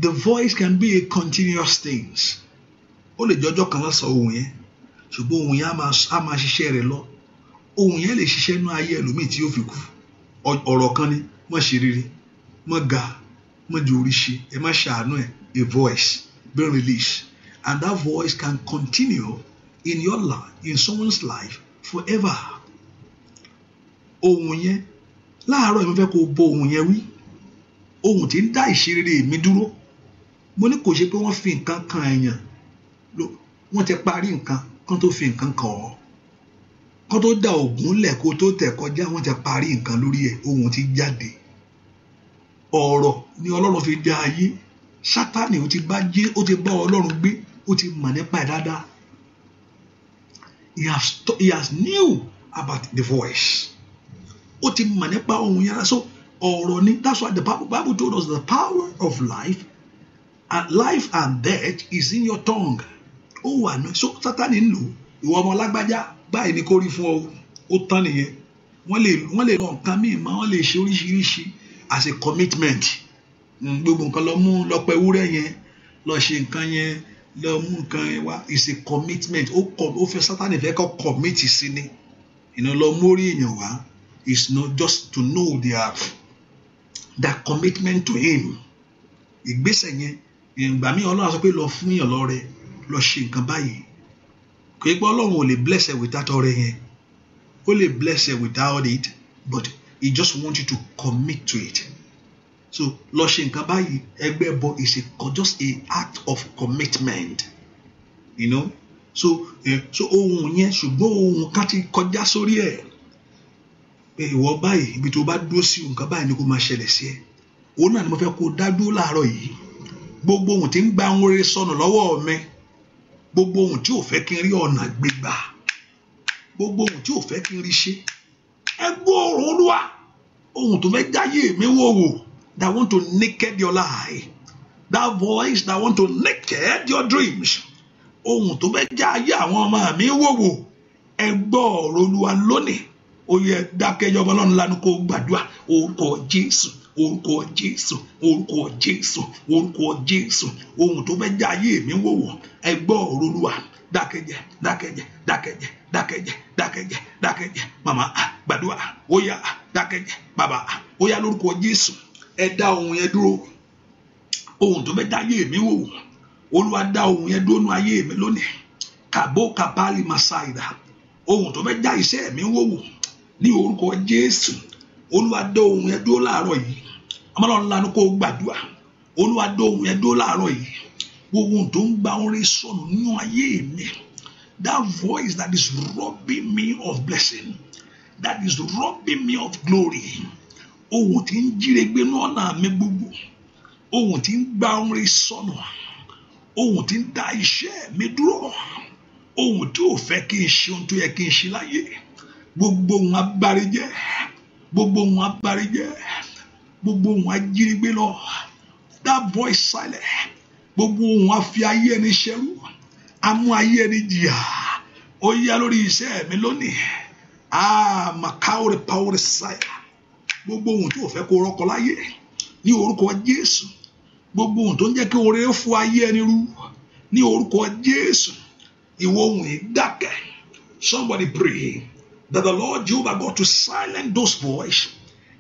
the voice can be a continuous thing. ó lè jọjọ́ kan lọ́sọ̀ ohun yẹn ṣùgbọ́n ohun yẹn á máa ṣiṣẹ́ rẹ̀ lọ ohun yẹn lè ṣiṣẹ́ nú ayé ẹlòmíì tí yóò fi kú ọ̀rọ̀ kan ni mọ̀ ṣe rere mọ̀ ga mọ̀ ju orí ṣe má ṣàánú ẹ̀ a voice be released and that voice can continue in your life in someone's life forever ohun yẹn láàárọ̀ ìmọ̀ fẹ́ kó bo bọ ohun yẹn wí ohun tí ń dá ìṣeré mi dúró mo ní kò ṣe pé wọ́n fi nǹkan kan èèyàn wọ́n ti parí nǹkan kán tó fi nǹkan kàn ọ́ kán tó da ògùn lẹ̀ kó tó tẹ̀ kọjá wọ́n ti parí nǹkan lórí ẹ̀ ohun ti jáde ọ̀rọ̀ ni ọlọ́run fi dá ayé sátani ó ti bá jẹ́ ó ti bá ọlọ́run gbé ó ti mọ̀ nípa ẹ̀ dáadáa he has, he has knew about the voice ó ti mọ̀ nípa ohun yẹn so ọ̀rọ̀ ni that's why the bible, bible told us the power of life and life and death is in your tongue ó wà ní so sátani ń lò ìwọ ọmọ lágbájá báyìí ni kò rí fún ọ ó tán nìyẹn wọ́n lè wọ́n lè lọ nǹkan míì mọ́ wọ́n lè ṣe oríṣiríṣi as a commitment hmm, gbogbo nǹkan lọ mú lọ pẹ́ ewúrẹ́ yẹn lọ ṣe nǹkan yẹn lọ mú nǹkan yẹn wá is a commitment ó kọ ó fẹ́ sátani fẹ́ kọ commit sí ni ìná lọ mórí èèyàn wá is not just to know their uh, their commitment to him ìgbésẹ̀ yẹn ìgbà míì ọlọ́run sọ pé lọ fún yàn lọ́rẹ lọ ṣe nǹkan báyìí kò í ọlọ́run ò lè bless ẹ without ọrẹ yẹn ó lè bless ẹ without it but he just want you to commit to it so lọ ṣe nǹkan báyìí ẹgbẹ́ bọ is a just a act of commitment you know so eh, so ohun yẹn ṣùgbọ́n ohun kan ti kọjá sórí ẹ̀ pé ìwọ báyìí ibi tó bá dúró sí nǹkan báyìí ni kò máa ṣẹlẹ̀ sí ẹ òun náà ni mo fẹ́ kó dá dúró láàárọ̀ yìí gbogbo ohun tí ń gba ohun rere sọnù lọ́wọ́ mi gbogbo ohun tí ò fẹ́ kí n rí ọ̀nà gbégbà gbogbo ohun tí ò fẹ́ kí n rí ṣe ẹ gbọ́ olúwa ohun tó fẹ́ jáyé mi wò wò that want to naked your lie that voice that want to naked your dreams ohun tó bẹ́ẹ̀ já ayé àwọn ọmọ mi wòwò ẹ gbọ́ ọ̀rọ̀ olúwa lónìí ó yẹ dákẹ́jọ́ ọmọ ọlọ́run lánàá kó gbàdúrà orúkọ jésù orúkọ jésù orúkọ jésù orúkọ jésù ohun tó bẹ́ẹ̀ já ayé mi wòwò ẹ gbọ́ ọ̀rọ̀ olúwa dákẹ́jẹ́ dákẹ́jẹ́ dákẹ́jẹ́ dákẹ́jẹ́ dákẹ́jẹ́ dákẹ́jẹ́ màmá gbàdúrà ó yá dákẹ́jẹ́ bàbá ó yá lórúkọ jésù ẹ dá ohun yẹn dúró ohun tó fẹ́ dá ayé mi wò olúwa dá ohun yẹn dúró nú ayé mi lónìí kàbó kàbálì màsáìdá ohun tó fẹ́ dá iṣẹ́ mi wò ní orúkọ jésù olúwa dá ohun yẹn dúró láàárọ̀ yìí ọmọlọ́run lanu kó gbàdúrà olúwa dá ohun yẹn dúró láàárọ̀ yìí gbogbo ohun tó ń gba orin sọnù nínú ayé mi that voice that is robbing me of blessing that is robbing me of glory. ohun tí ń gbé ní ọ̀nà mi gbogbo ohun tí ń gba orin sọnù ohun tí ń da iṣẹ́ mi dúró ohun tí ò fẹ́ kí n ṣe ohun tó yẹ kí n ṣe láyé gbogbo ohun abárijẹ́ gbogbo ohun gbogbo ohun ajínigbé lọ that silent gbogbo ohun afi ayé ẹni ṣẹrú amú ayé ẹni jìyà ó yá lórí iṣẹ́ mi lónìí ah sire. gbogbo ohun tí ò fẹ́ kó rọ́kọ láyé ní orúkọ Jésù gbogbo ohun tó ń jẹ́ kí oore fún ayé ẹni rú ní orúkọ Jésù ìwọ ohùn yìí somebody pray that the Lord Jehovah go to silence those voice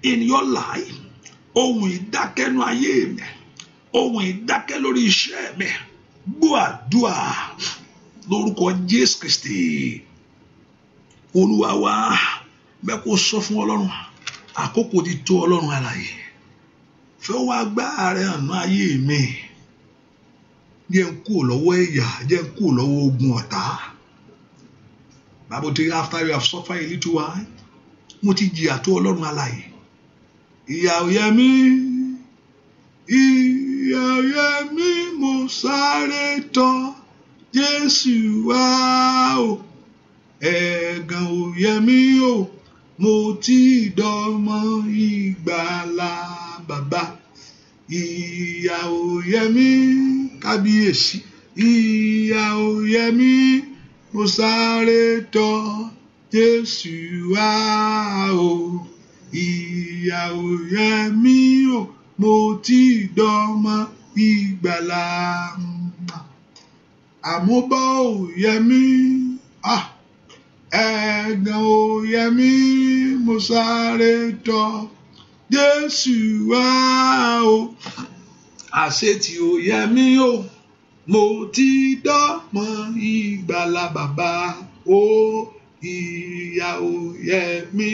in your life ohùn yìí dákẹ́ nú ayé mi ohùn yìí dákẹ́ lórí iṣẹ́ mi gbọ́ àdúrà lórúkọ Jésù Kristi olúwa wa bẹ́ẹ̀ kó sọ fún Ọlọ́run àkókò ti tó ọlọ́run alàyè fẹ́ wá gbá ààrẹ àná ayé mi jẹ́ ń kúrò lọ́wọ́ ẹ̀yà jẹ́ ń kúrò lọ́wọ́ ogun ọ̀tá Bible tell after you have suffered a little while mo ti jìyà tó ọlọ́run alàyè ìyà ò yẹ mí ìyà yẹ mí mo sáré tọ̀ Jésù wá o ẹ̀gàn ò yẹ mí o mo ti dọmọ ìgbàlà bàbá ìyà ò yẹ mí kábíyèsí ìyà ò yẹ mí mo sáré tọ̀ Jésù wá o ìyà ò yẹ o mo ti dọmọ ìgbàlà àmúbọ̀ ò Ah ẹ̀gàn òyẹ̀mí mo sáré tọ̀ Jésù wá o àṣetì òyẹ̀mí o mo ti dọ́mọ ìgbàlà bàbá o ìyà òyẹ̀mí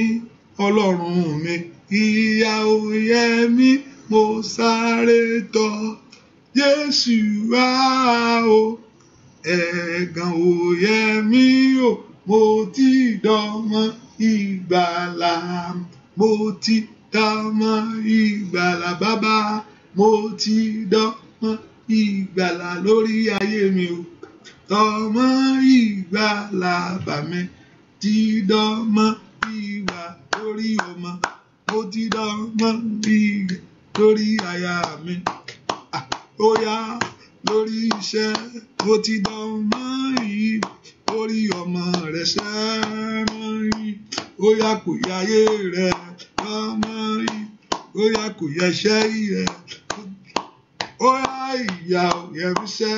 ọlọ́run mi ìyà òyẹ̀mí mo sáré tọ̀ Jésù wá o ẹ̀gàn òyẹ̀mí o mo ti dọmọ ìgbàlà mo ti dọmọ ìgbàlà bàbá mo ti dọmọ ìgbàlà lórí ayé mi o tọmọ ìgbàlà bàmí ti dọmọ ìgbà lórí ọmọ mo ti dọmọ ìgbà lórí aya mi ó yá lórí iṣẹ́ mo ti dọmọ ìgbà orí ọmọ rẹ sẹ́rìn ó yá kò yá ayé rẹ lọ́mọ́rin ó yá kò yá iṣẹ́ rẹ ó yá ìyá òyẹ mi sẹ́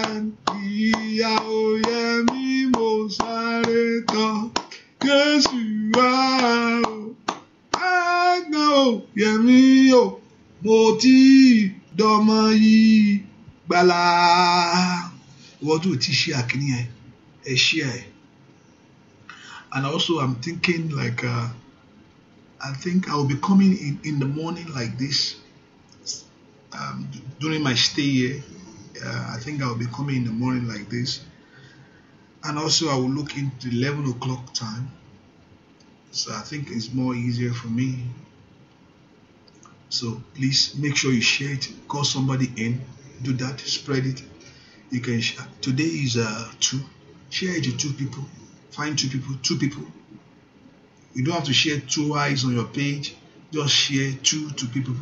ìyá òyẹ mi mo sáré tán Jésù wá o ẹ̀gbọ́n òyẹ mi o mo ti dọmọ yìí gbàlà wọ́n tó ti ṣe àkíní ẹ̀ ṣe ẹ̀. and also I'm thinking like uh, I think I'll be coming in in the morning like this um, during my stay here. Uh, I think I'll be coming in the morning like this, and also I will look into 11 o'clock time. So I think it's more easier for me. So please make sure you share it. Call somebody in. Do that. Spread it. You can share. Today is uh, two. Share it to two people Find two people, two people. You don't have to share two eyes on your page. Just share two to people.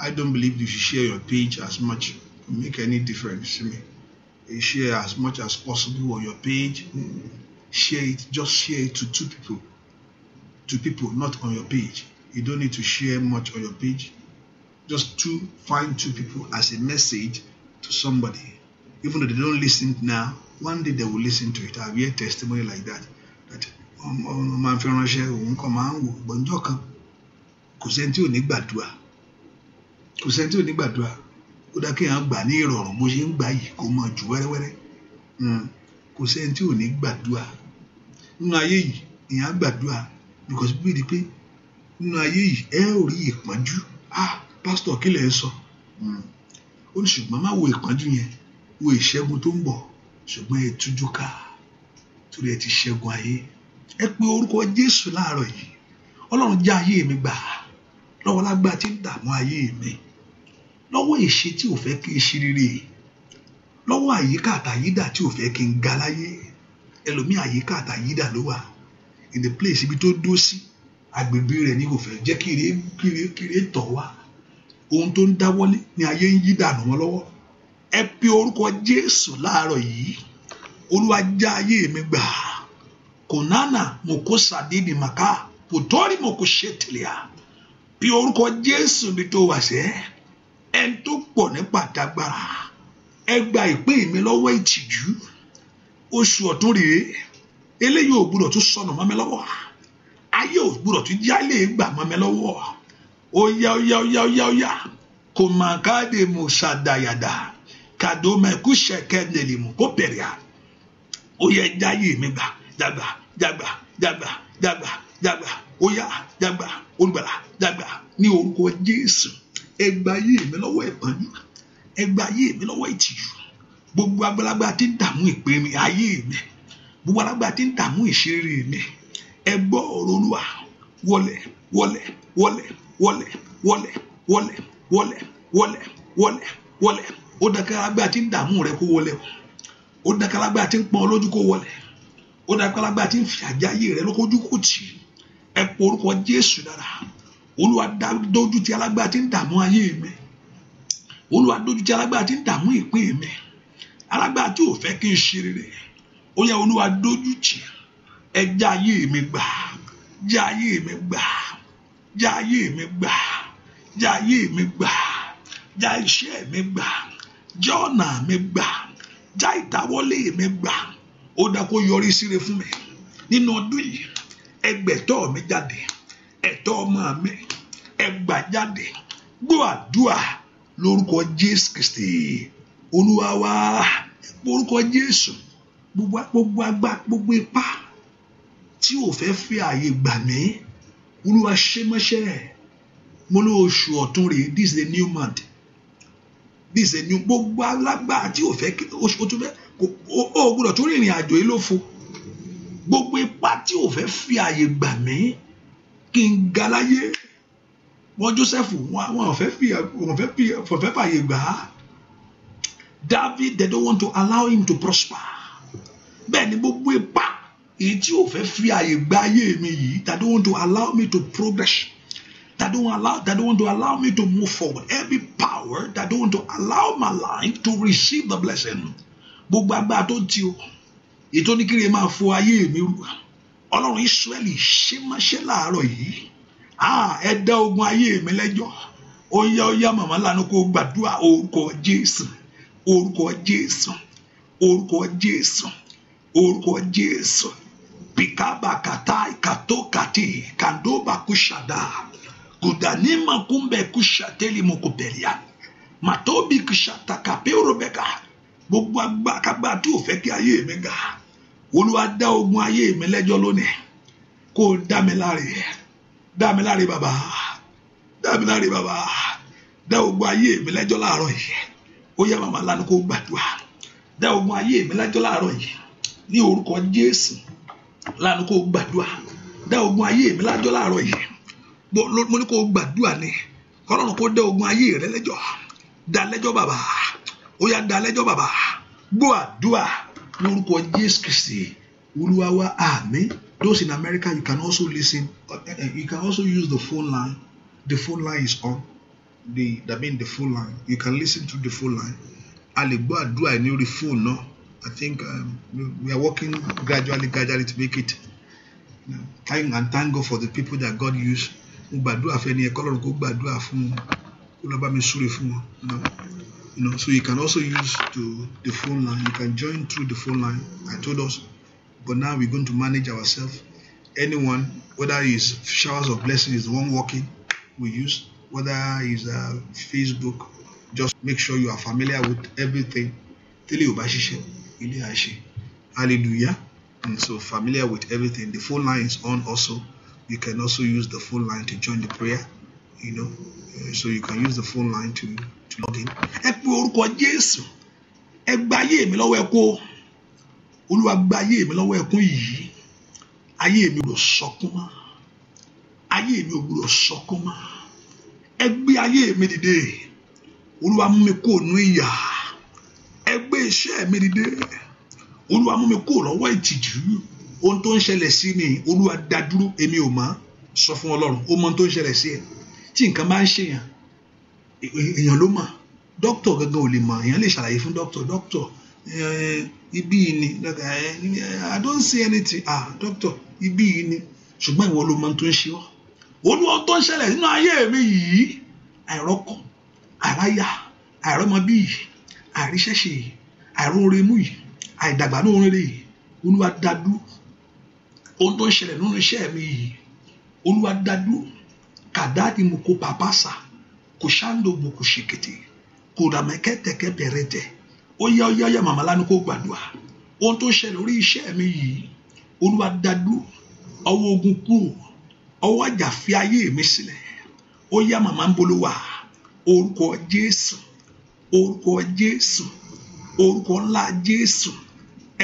I don't believe you should share your page as much. Make any difference to me. You share as much as possible on your page. Share it. Just share it to two people. Two people, not on your page. You don't need to share much on your page. Just two, find two people as a message to somebody. Even though they don't listen now, one day they will listen to it i hear testimony like that that ọmọ máa fi ránṣẹ́ òun kan máa ń wò gbọ́njọ́ kan kò sẹ́ni tí ò ní gbàdúrà kò sẹ́ni tí ò ní gbàdúrà ó dá kéèyàn gbà ní ìrọ̀rùn bó ṣe ń gbà yìí kó mọ jù wẹ́rẹ́wẹ́rẹ́ hmm. kò sẹ́ni tí ò ní gbàdúrà nínú ayé yìí èèyàn gbàdúrà because bí di pé nínú ayé yìí ẹ ò rí ìpọ́njú ah pásítọ̀ kí lẹ̀ ń sọ hmm. ó ní ṣùgbọ́n má wo ìpọ́njú yẹn wo ìṣẹ́gun tó ń bọ̀ ṣùgbọ́n ẹ tújú ká torí ẹ ti ṣẹ́gun ayé ẹ pe orúkọ Jésù láàárọ̀ yìí Ọlọ́run já ayé mi gbà lọ́wọ́ lágbá tí ń dààmú ayé mi lọ́wọ́ èṣe tí ò fẹ́ kí n ṣe rere lọ́wọ́ àyíká àtàyídà tí ò fẹ́ kí n ga láyé ẹlòmíì àyíká àtàyídà ló wà in the place ibi tó dó sí agbègbè rẹ̀ ní kò fẹ́ jẹ́ kí ire kí ire kí ire tọ̀ wá ohun tó ń dáwọ́lé ni ayé ń yí dànù wọn lọ́wọ́ ẹ pe orúkọ Jésù láàárọ̀ yìí olúwa já ayé mi gbà kònánà mo kó sàdédì màkà pòtọ́rì mo kó ṣètìlẹ́à pe orúkọ Jésù mi tó wà sẹ́ ẹni tó pọ̀ ní pàtàgbára ẹ gba ìpè mi lọ́wọ́ ìtìjú oṣù ọ̀tún rèé eléyìí ò gbúdọ̀ tún sọnù mọ́ mi lọ́wọ́ ayé ò gbúdọ̀ tún jálè gbà mọ́ lọ́wọ́ ó yá ó yá ó yá ó yá kò mà káàdé mo ṣàdàyàdà kadoma ikú ṣẹkẹ nelimu kó bẹ̀rẹ̀ à ó yẹ jáyé mi gbà dàgbà dàgbà dàgbà dàgbà dàgbà ó yá dàgbà olùgbàlà dàgbà ní orúkọ Jésù ẹ gba ayé mi lọ́wọ́ ẹ̀pọ́njú ẹ gba ayé mi lọ́wọ́ ìtìjú gbogbo agbálagbá tí ń dààmú ìpè mi ayé mi gbogbo alágbá tí ń dààmú ìṣeré mi ẹ gbọ́ ọ̀rọ̀ Olúwa wọlé wọlé wọlé wọlé wọlé wọlé wọlé wọlé ó dákálágbá tí ń dààmú rẹ kó wọlé ó dákálágbá tí ń pọn lójú kó wọlé ó dákálágbá tí ń fi àjáyé rẹ lókojú kò tì ẹ pọ orúkọ Jésù dára Olúwa ti alágbá tí ń dààmú ayé mi Olúwa ti alágbá tí ń dààmú ìpín mi alágbá tí ò fẹ́ kí n ṣe rere ó yẹ Olúwa dójú tì ẹ já ayé mi gbà já ayé mi gbà já ayé mi gbà já ayé mi gbà já iṣẹ́ mi gbà já ọ̀nà mi gbà já ìdáwọ́lé mi gbà ó dá kó yọrí síre fún mi nínú ọdún yìí ẹgbẹ̀tọ́ mi jáde ẹ̀tọ́ ọmọ mi ẹgbà jáde gbọ́ àdúà lórúkọ Jésù Kristi olúwa wa orúkọ Jésù gbogbo agbá gbogbo ipá tí ò fẹ́ fi ààyè gbà mí olúwa ṣe mọ́ṣẹ́ mo ló oṣù ọ̀tún rèé this is the new month níṣẹ́ ni gbogbo alágbára tí o fẹ́ o tún fẹ́ o gbọ́dọ̀ tún rìnrìn àjò yìí lófo gbogbo ipá tí o fẹ́ fi àyè gbà mí kí n ga láyé wọn Joseph wọn ò fẹ́ fi wọn fẹ́ fi wọn fẹ́ fàyè gbà á David they don't want to allow him to prosper bẹ́ẹ̀ ni gbogbo ipá èyí tí o fẹ́ fi àyè gbà ayé mi yìí they don't want to allow me to progress that don't allow that don't want to allow me to move forward every power that don't want to allow my life to receive the blessing gbogbo agbára tó ń ti o ètò oníkiri máa fo ayé mi rú ọlọ́run Ísírẹ́lì ṣe máṣe láàárọ̀ yìí ẹ dá ogun ayé mi lẹ́jọ́ ó yá ó yá màmá lánàá kó gbàdúrà orúkọ Jésù orúkọ Jésù orúkọ Jésù orúkọ Jésù pikaba kata ikato kati kandoba kushada gudanima kumbe kushateli mokobelia matobi kushataka peorobeka gbogbo agbákagbá tí ò fẹ́ kí ayé mi ga olúwa dá ogun ayé mi lẹ́jọ́ lónìí kó o dá mi láre dá mi láre bàbá dá mi láre bàbá dá ogun ayé mi lẹ́jọ́ láàárọ̀ yìí ó yá màmá lánàá kó gbàdúrà dá ogun ayé mi lẹ́jọ́ láàárọ̀ yìí ní orúkọ Jésù lánàá kó gbàdúrà dá ogun ayé mi lẹ́jọ́ láàárọ̀ yìí mo ní kó gbàdúrà ni kọ́lọ́run kó dá ogun ayé rẹ lẹ́jọ́ da lẹ́jọ́ bàbá ó yá dá lẹ́jọ́ bàbá gbọ́ àdúrà lórúkọ Jésù Kristi Olúwa wa àmín those in America you can also listen eh, eh, you can also use the phone line the phone line is on the that mean the phone line you can listen to the phone line a lè gbọ́ àdúrà ní orí phone náà I think um, we are working gradually gradually to make it. You thank and thank God for the people that God used mo gbàdúrà fẹ́ni ẹ̀ kọ́lọ́run kó gbàdúrà fún wọn kó lọ bá mi súre fún wọn. You know, so you can also use to the phone line. You can join through the phone line. I told us, but now we're going to manage ourselves. Anyone, whether it's showers of blessing is the one working, we use. Whether it's uh, Facebook, just make sure you are familiar with everything. Tell you bá ṣiṣẹ́, ilé àṣẹ. Hallelujah. And so familiar with everything. The phone line is on also you can also use the phone line to join the prayer you know uh, so you can use the phone line to to log in. ẹ pe orúkọ Jésù ẹ gba ayé mi lọ́wọ́ ẹ̀kọ́ Olúwa gba ayé mi lọ́wọ́ ẹ̀kún yìí ayé mi ò sọkún mọ́ ayé mi ò gbọ́dọ̀ sọkún mọ́ ẹ gbé ayé mi dìde Olúwa mú mi kó nú ìyà ẹ gbé iṣẹ́ mi dìde Olúwa mú mi kó lọ́wọ́ ìtìjú ohun tó ń ṣẹlẹ̀ sí mi olúwa dá dúró èmi ò mọ̀ sọ fún ọlọ́run ó mọ ohun tó ń ṣẹlẹ̀ sí ẹ tí nǹkan bá ń ṣèyàn èèyàn ló mọ̀ dókítà gangan ò lè mọ̀ èèyàn lè ṣàlàyé fún dókítà dókítà eh, ibí yìí ni eh, i don't see anything ah dókítà ibí yìí ni ṣùgbọ́n ìwọ ló mọ ohun tó ń ṣe ọ́ olúwa tó ń ṣẹlẹ̀ nínú ayé mi yìí àìrọ́kọ̀ àráyà àìrọ́mọbí yìí àìríṣẹ́ṣe yìí àìróore mú yìí àìdàgbànú oore yìí olúwa dá dúró ohun tó ń ṣẹlẹ̀ nínú iṣẹ́ mi yìí olúwa dájú kàdáàdì mu kó bàbá sà kò ṣàǹdó bu kò ṣèkété kò ràmẹ́kẹ́ tẹ̀kẹ́ bẹ̀rẹ̀ tẹ̀ ó yá ó yá ó yá màmá lánàá kó gbàdúrà ohun tó ń ṣẹlẹ̀ lórí iṣẹ́ mi yìí olúwa dájú ọwọ́ ogun kúrò ọwọ́ àjà fi ayé mi sílẹ̀ ó yá màmá ń bolo wà orúkọ jésù orúkọ jésù orúkọ ńlá jésù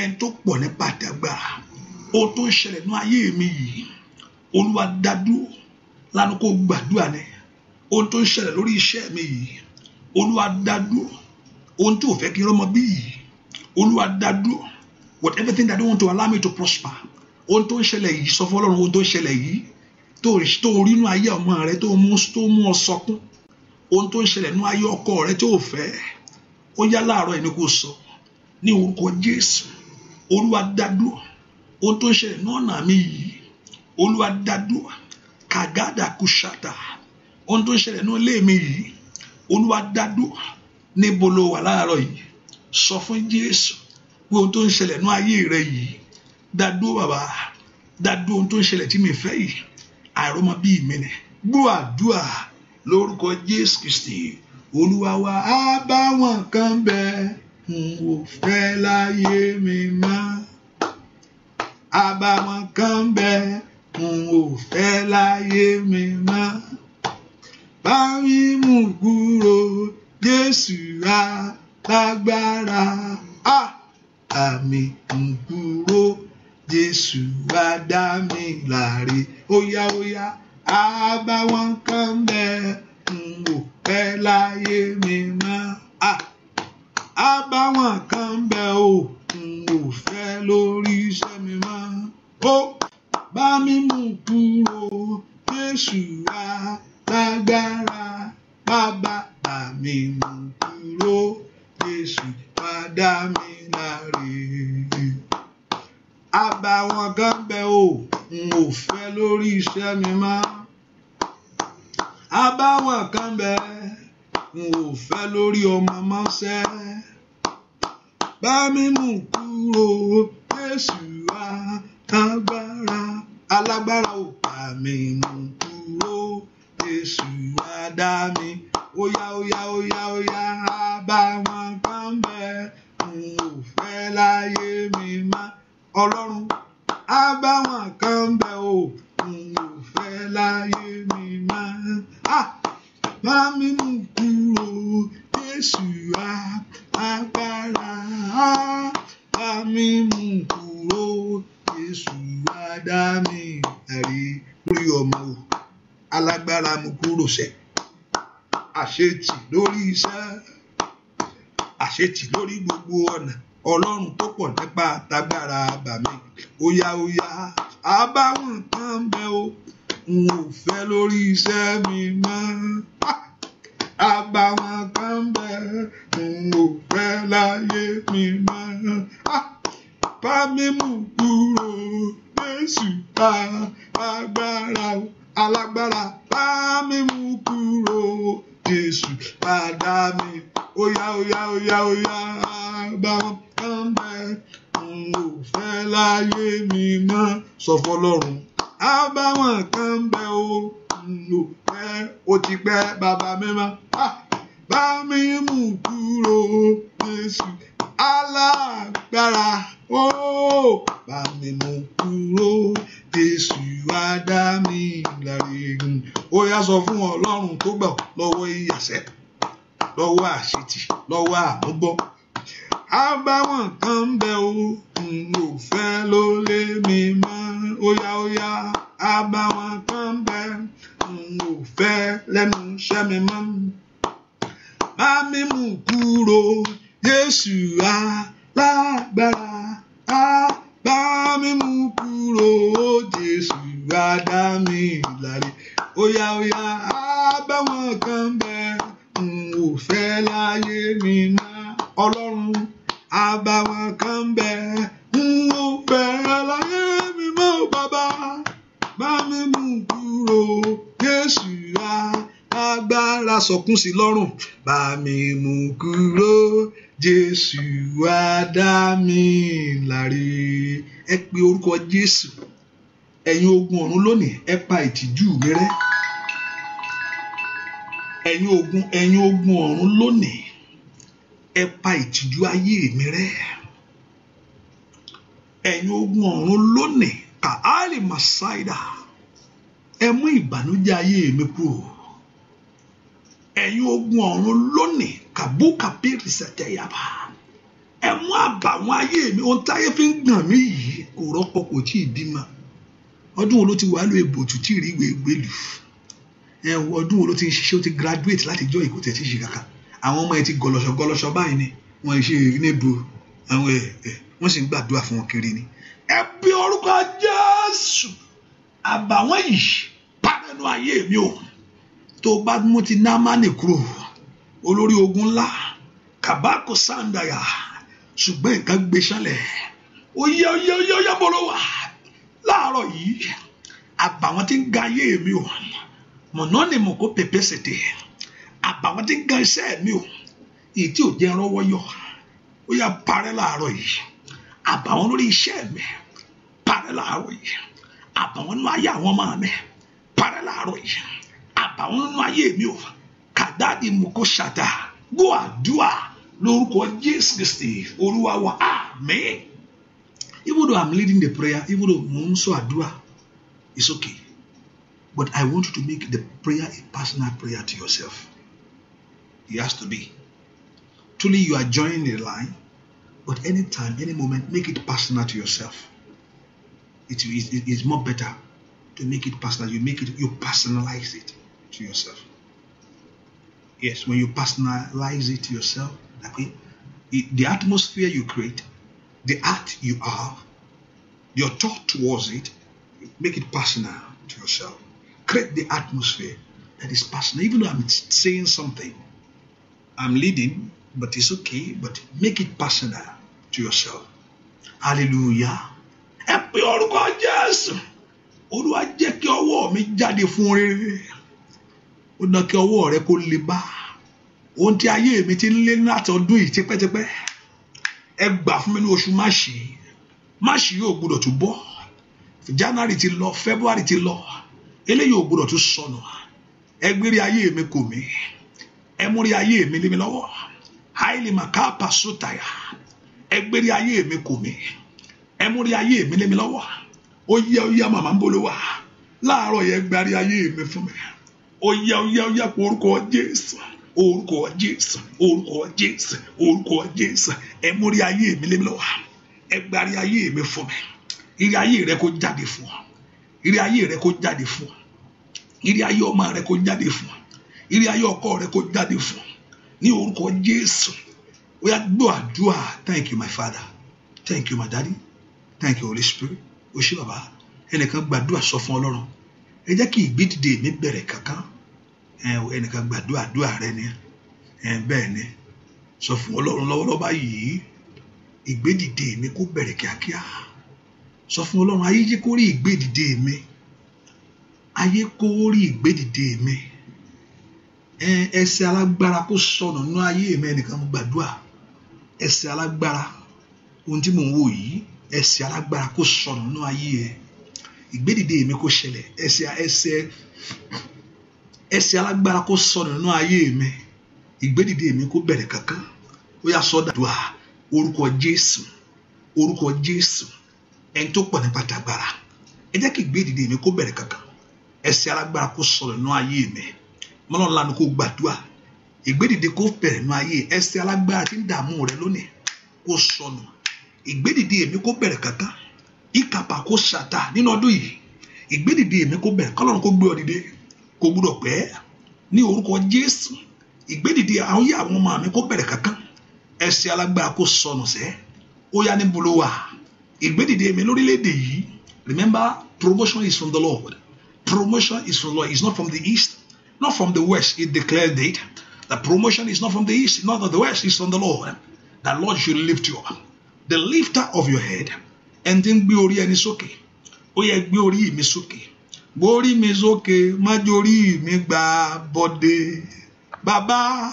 ẹni tó pọ̀ nípa àtàgbà ohun tó ń ṣẹlẹ̀ ní ayé mi yìí olúwa dádúró lánàá kó gbàdúrà ni ohun tó ń ṣẹlẹ̀ lórí iṣẹ́ mi yìí olúwa dádúró ohun tí ò fẹ́ kí n rọ́mọ bí yìí olúwa dádúró what everything that I want to allow me to prosper ohun tó ń ṣẹlẹ̀ yìí sọ fún ọlọ́run ohun tó ń ṣẹlẹ̀ yìí tó tó rínú ayé ọmọ rẹ tó mú tó mú ọ sọkún ohun tó ń ṣẹlẹ̀ nú ayé ọkọ rẹ tó fẹ́ ó yá láàárọ̀ ẹni kò sọ ní orúkọ jésù olúwa dádúró ohun tó ṣẹlẹ̀ ní ọ̀nà mi yìí olúwa dádùá kàgádà kùsàtà ohun tó ṣẹlẹ̀ ní ilé mi yìí olúwa dádùá níbo lo wà láàárọ̀ yìí sọ fún jésù pé ohun tó ń ṣẹlẹ̀ ní ayé rẹ yìí dádùá bàbá dádùá ohun tó ń ṣẹlẹ̀ tí mi fẹ́ yìí àìrọ́mọ bíi mi nì gbọ́ àdúà lórúkọ jésù kristi olúwa á bá wọn kan bẹ́ẹ̀ n ò fẹ́ láyé mi máa àbàmọ̀ kan bẹ n ò fẹ́ láyé mi mọ́ bá mi mú kúrò Jésù ra lágbára àmì mú kúrò Jésù wá dá mi láre óyá óyá àbàmọ̀ kan bẹ n ò fẹ́ láyé mi mọ́ àbàmọ̀ kan bẹ o. Oh mo fẹ́ lórí iṣẹ́ mi máa ó bá mi mú kúrò Jésù alágbára bàbá bá mi mú kúrò Jésù padà mi láre. àbàwọn kan bẹ o mo ò fẹ́ lórí iṣẹ́ mi máa àbàwọn kan bẹ n fẹ́ lórí ọmọ mọ́ṣẹ́ bá mi mú kúrò Jésù alágbára alágbára ò bá mi mú kúrò Jésù adá mi óyá óyá óyá óyá bá wọn kàn bẹ́ẹ̀ n ò fẹ́ láyé mi má ọlọ́run á bá wọn kàn bẹ́ẹ̀ o n ò fẹ́ láyé mi má. Ah! Bá mi mú kúrò Jésù agbára bá mi mú kúrò Jésù adá mi àrí lórí ọmọ o alágbára mú kúrò sẹ àṣetì lórí iṣẹ́ àṣetì lórí gbogbo ọ̀nà ọlọ́run tó pọ̀ nípa tagbára bà mí óyá óyá àbáwọn nǹkan bẹ́ẹ̀ o n ò fẹ́ lórí iṣẹ́ mi mọ́. àgbà wọn kan bẹ́ẹ̀ n ò fẹ́ láyé mi mọ́. bá mi mú kúrò Jésù ta agbára alágbára bá mi mú kúrò Jésù padà mi óyá óyá óyá óyá àgbà wọn kan bẹ́ẹ̀ n ò fẹ́ láyé mi mọ́. sọ fọlọ́run àbáwọn kan bẹ́ẹ̀ o lò pẹ́ ó ti pẹ́ bàbá mẹ́ma ah, bá mi mú kúrò Jésù alágbára ó oh, bá mi mú kúrò Jésù adámilárègùn ó yá sọ fún Ọlọ́run tó gbà lọ́wọ́ ìyàsẹ́ lọ́wọ́ àṣetì lọ́wọ́ àmúgbọ́ àbáwọn kan ń bẹ o n fẹ́ ló lé mi mọ́ ó yá ó yá àbáwọn kan ń bẹ ọlọ́run ò fẹ́ lẹ́nu iṣẹ́ mi mọ́ má mímú kúrò Jésù alágbára á bá mímú kúrò Jésù adámi ìlàrí óyá óyá á kan bẹ n ò fẹ́ láyé mi ná ọlọ́run á bá wọn kan bẹ n ò fẹ́ láyé mi mọ́ bàbá bá mi mú kúrò Jésù agbára sọkún sí lọ́rùn bá mi mú kúrò Jésù wá dá mi láre ẹ pe orúkọ Jésù ẹ̀yin ogun ọ̀run lónìí ẹ pa ìtìjú mi rẹ́ ẹ̀yin ogun ẹ̀yin ogun ọ̀run lónìí ẹ pa ìtìjú ayé mi rẹ́ ẹ̀yin ogun ọ̀run lónìí kàálì masaida, ẹ mú ìbànújẹ́ ayé mi kúrò ẹ̀yin ogun ọ̀run lónìí kàbúkà bí rìsẹtẹ yaba ẹ mú àbàwọn ayé mi ohun táyé fi ń gàn mí yìí kò rọ́pò kò tí ì bímọ ọdún wo ló ti wàá lo ebòtù tí ì rí gbègbèlù ẹ ọdún wo ló ti ń ṣiṣẹ́ ó ti graduate láti jọ ìkó tẹ̀ tí ì ṣe kankan àwọn ọmọ ẹ ti gọlọṣọ gọlọṣọ báyìí ni wọn ṣe níbo àwọn ẹ ẹ wọn sì ń gbàdúrà fún wọn kiri ni ẹ pe orúkọ Jésù àbàwọ́n yìí pàdánù ayé mi o tó o bá mú ti námánì kúrò olórí ogun ńlá kàbákò sàǹdàyà ṣùgbọ́n nǹkan gbé sálẹ̀ ó yẹ ó yẹ ó yẹ ó yẹ bó ló wà láàárọ̀ yìí àbàwọ́n ti ń ga ayé mi o mọ̀nà ni mo kó pèpè sète àbàwọ́n ti ń ga iṣẹ́ mi o èyí tí ò jẹ́ ẹran wọ́yọ̀ ó yà parẹ́ láàárọ̀ yìí. àbàwọ́n lórí iṣẹ́ mi parẹ́ láàárọ̀ yìí àbàwọ́n nínú ayé àwọn ọmọ mi parẹ́ láàárọ̀ yìí àbàwọ́n nínú ayé mi ò kàdáàdì mú kó ṣàdá gbọ́ àdúà lórúkọ Jésù Kristi Olúwa wa àmín even though I'm leading the prayer even though mò ń sọ àdúà it's okay but I want you to make the prayer a personal prayer to yourself it has to be truly you are joining the line but anytime, any moment, make it personal to yourself. It is more better to make it personal. You make it you personalize it to yourself. Yes, when you personalize it to yourself, okay, it, the atmosphere you create, the act you have, your thought towards it, make it personal to yourself. Create the atmosphere that is personal. Even though I'm saying something, I'm leading, but it's okay but make it personal to yourself hallelujah ẹ pe orúkọ jésù olúwa jẹ́ kí ọwọ́ mi jáde fún rere ó dán kí ọwọ́ rẹ kó le bá ohun tí ayé mi ti ń lé láti ọdún yìí tipẹ́tipẹ́ ẹ gbà fún mi ní oṣù máṣí máṣí yóò gbọdọ̀ tún bọ́ january ti lọ february ti lọ eléyìí ò gbọdọ̀ tún sọnù ẹ gbérí ayé mi kò mí ẹ múrí ayé mi lé mi lọ́wọ́ haile makapa sutaya ẹgbẹ́rí ayé mi kò mí ẹmúrí ayé mi lé mi lọ́wọ́ ó yẹ ó yẹ màmá ń bolo wá láàárọ̀ yẹn gbárí ayé mi fún mi ó yẹ ó yẹ ó yẹ orúkọ jésù orúkọ jésù orúkọ jésù orúkọ jésù ẹmúrí ayé mi lé mi lọ́wọ́ ẹgbárí ayé mi fún mi ìrì ayé rẹ kó jáde fún ọ ìrì ayé rẹ kó jáde fún ọ ìrì ayé ọmọ rẹ kó jáde fún ọ ìrì ayé ọkọ rẹ kó jáde fún ọ ní orúkọ Jésù ó yá gbọ́ àdúrà thank you my father thank you my daddy thank you holy spirit ó ṣé bàbá ẹnìkan gbàdúrà sọ fún ọlọ́run ẹ jẹ́ kí ìgbédìde mi bẹ̀rẹ̀ kankan ẹnìkan gbàdúrà àdúrà rẹ ni bẹ́ẹ̀ ni sọ fún ọlọ́run lọ́wọ́lọ́wọ́ báyìí ìgbédìde mi kó bẹ̀rẹ̀ kíákíá sọ fún ọlọ́run ayé jẹ́ rí ìgbédìde mi ayé kó rí ìgbédìde mi ẹsẹ̀ alágbára kó sọnù nínú ayé mi ẹnìkan mo gbàdúrà ẹsẹ̀ alágbára ohun tí mò ń wò yìí ẹsẹ̀ alágbára kó sọnù nínú ayé ẹ ìgbédìde mi kó ṣẹlẹ̀ ẹsẹ̀ ẹsẹ̀ ẹsẹ̀ alágbára kó sọnù nínú ayé mi ìgbédìde mi kó bẹ̀rẹ̀ kankan ó yà sọ dàdúrà orúkọ Jésù orúkọ Jésù ẹni tó pọ̀ nípa tàgbára ẹ jẹ́ kí ìgbédìde mi kó bẹ̀rẹ̀ kankan ẹsẹ̀ alágbára kó sọnù nínú ayé mi mọ́lọ́n lanu kó gbàdúrà ìgbédìde kó bẹ̀rẹ̀ nu ayé ẹsẹ̀ alágbára tí ń dààmú rẹ lónìí kó sọnù ìgbédìde èmi kó bẹ̀rẹ̀ kankan ìkàpà kó ṣàtà nínú ọdún yìí ìgbédìde èmi kó bẹ̀rẹ̀ kọ́lọ́run kó gbé ọ dìde kò gbúdọ̀ pẹ́ ní orúkọ Jésù ìgbédìde àwọn yà àwọn ọmọ mi kó bẹ̀rẹ̀ kankan ẹsẹ̀ alágbára kó sọnù sẹ́ ó yá ní bolo wa ìgbédìde èmi lórílẹ̀‐èdè yìí remember promotion is from the Lord promotion is from the Lord it's not from the east not from the west. He declared it. The promotion is not from the east, not from the west, it's from the Lord. The Lord should lift you up. The lifter of your head. And then gbé orí ẹni sókè. Ó yẹ gbé orí mi sókè. Gbé bọ́dé. Bàbá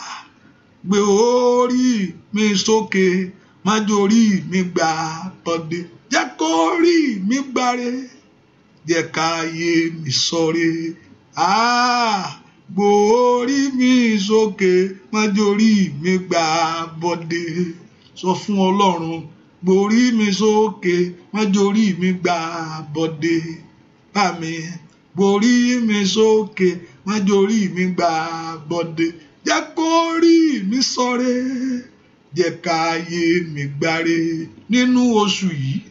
gbé orí majori sókè, mi gba bọ́dé. Jẹ́ mi Ah! gbòórí mi sókè májórí mi gbà bọ́dé sọ fún ọlọ́run gbòórí mi sókè májórí mi gbà bọ́dé bá mi gbòórí mi sókè májórí mi gbà bọ́dé jẹ́ kó rí mi sọ́rẹ́ jẹ́ ká yé mi gbáre nínú oṣù yìí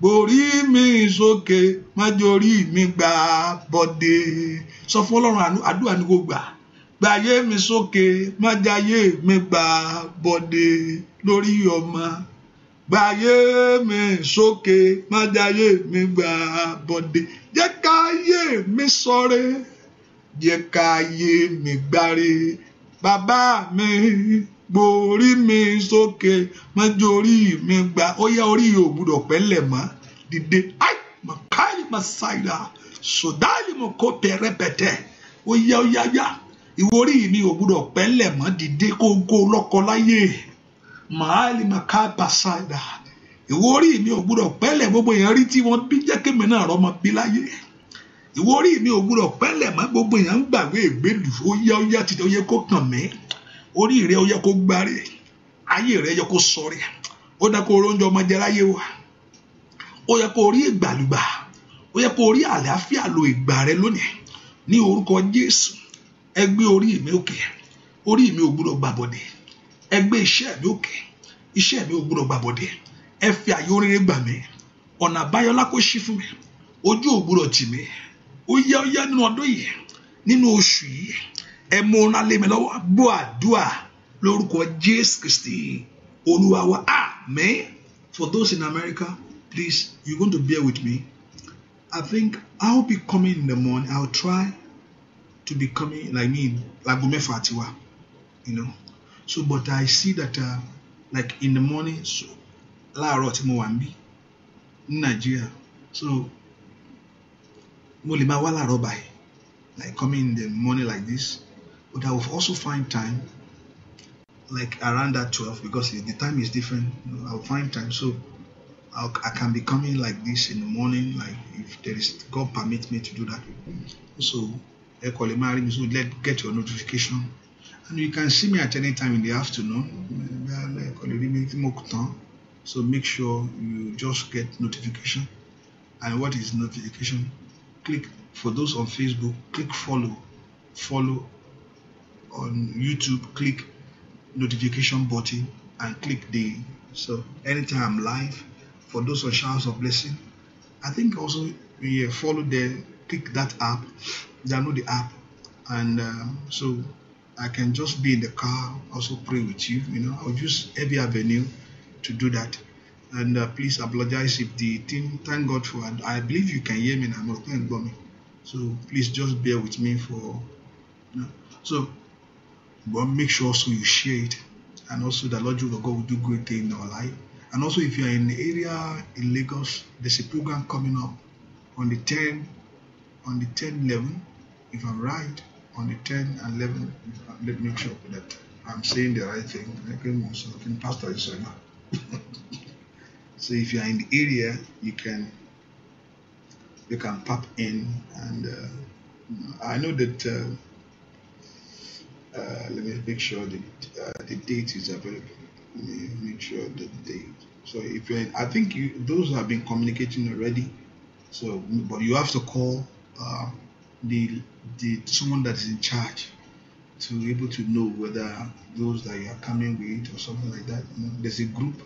gbòórí mi sókè májórí mi gbà bọ́dé sọ fún ọlọ́run àdúrà ni kò gbà gbàyé mi sókè má jayé mi gbà bọ̀dé lórí ọmọ gbàyé mi sókè má jayé mi gbà bọ̀dé jẹ́ káyé mi sọ̀rẹ́ jẹ́ káyé mi gbáre bàbá mi gbòórí mi sókè má jorí mi gbà ó yá orí yóò gbúdọ̀ pẹ́lẹ̀ mọ́ dìde ai màkàí màsáìlà. Ma sùdáàlì mo kó pẹrẹ pẹtẹ ó yá ó yá yá ìwọ orí mi ò gbúdọ̀ pẹ́lẹ̀ mọ́ dìde kóńkó lọ́kọ láyé màálì màkà bàṣàdà ìwọ mi ò gbúdọ̀ pẹ́lẹ̀ gbogbo èèyàn rí tí wọ́n bí jẹ́ kémi náà rọ́mọ bí láyé mi ò gbúdọ̀ gbogbo èèyàn ń gbàgbé ìgbélù ó yá ó yá títí ó yẹ kó kàn mí orí rẹ ó yẹ kó gbáre ayé rẹ yẹ kó ó láyé wa ó ó yẹ kó rí àlàáfíà lo ìgbà rẹ lónìí ní orúkọ Jésù ẹ orí mi òkè orí mi ò gbúdọ̀ gbàbọ̀dé ẹ gbé mi òkè iṣẹ́ mi ò gbúdọ̀ gbàbọ̀dé ẹ fi àyè oríire gbà mí ọ̀nà àbáyọlá kó ṣí fún mi ojú ò gbúdọ̀ tì mí ó yá ó yá nínú ọdún yìí nínú oṣù yìí ẹ mú ọ̀nà lé mi lọ́wọ́ gbọ́ àdúrà lórúkọ Jésù Kristi olúwa wa àmín for those in America please you going to bear with me I think I'll be coming in the morning. I'll try to be coming like me like mẹ́fà ti wá you know so but I see that uh, like in the morning so láàárọ̀ tí mo Nigeria. so mo lè máa like coming in the morning like this but I will also find time like around that twelve because the time is different you know, I find time so. I, can be coming like this in the morning, like if there is God permit me to do that. So, so let get your notification, and you can see me at any time in the afternoon. So make sure you just get notification. And what is notification? Click for those on Facebook, click follow, follow on YouTube, click notification button and click the so anytime I'm live for those on showers of blessing. I think also we follow the click that app, download the app, and um, so I can just be in the car, also pray with you. You know, I'll use every avenue to do that. And uh, please apologize if the thing. Thank God for. I believe you can hear me. And I'm not going me. So please just bear with me for. You know. So, but make sure also you share it, and also the Lord your God will do great things in our life. And also, if you are in the area in Lagos, there's a program coming up on the 10, on the 10, 11. If I'm right, on the 10 and 11, let me make sure that I'm saying the right thing. Okay, Pastor Isona. so if you are in the area, you can you can pop in and uh, I know that. Uh, uh, let me make sure that uh, the date is available make sure that they so if you're in, I think you those have been communicating already so but you have to call uh, the the someone that is in charge to be able to know whether those that you are coming with or something like that you know, there's a group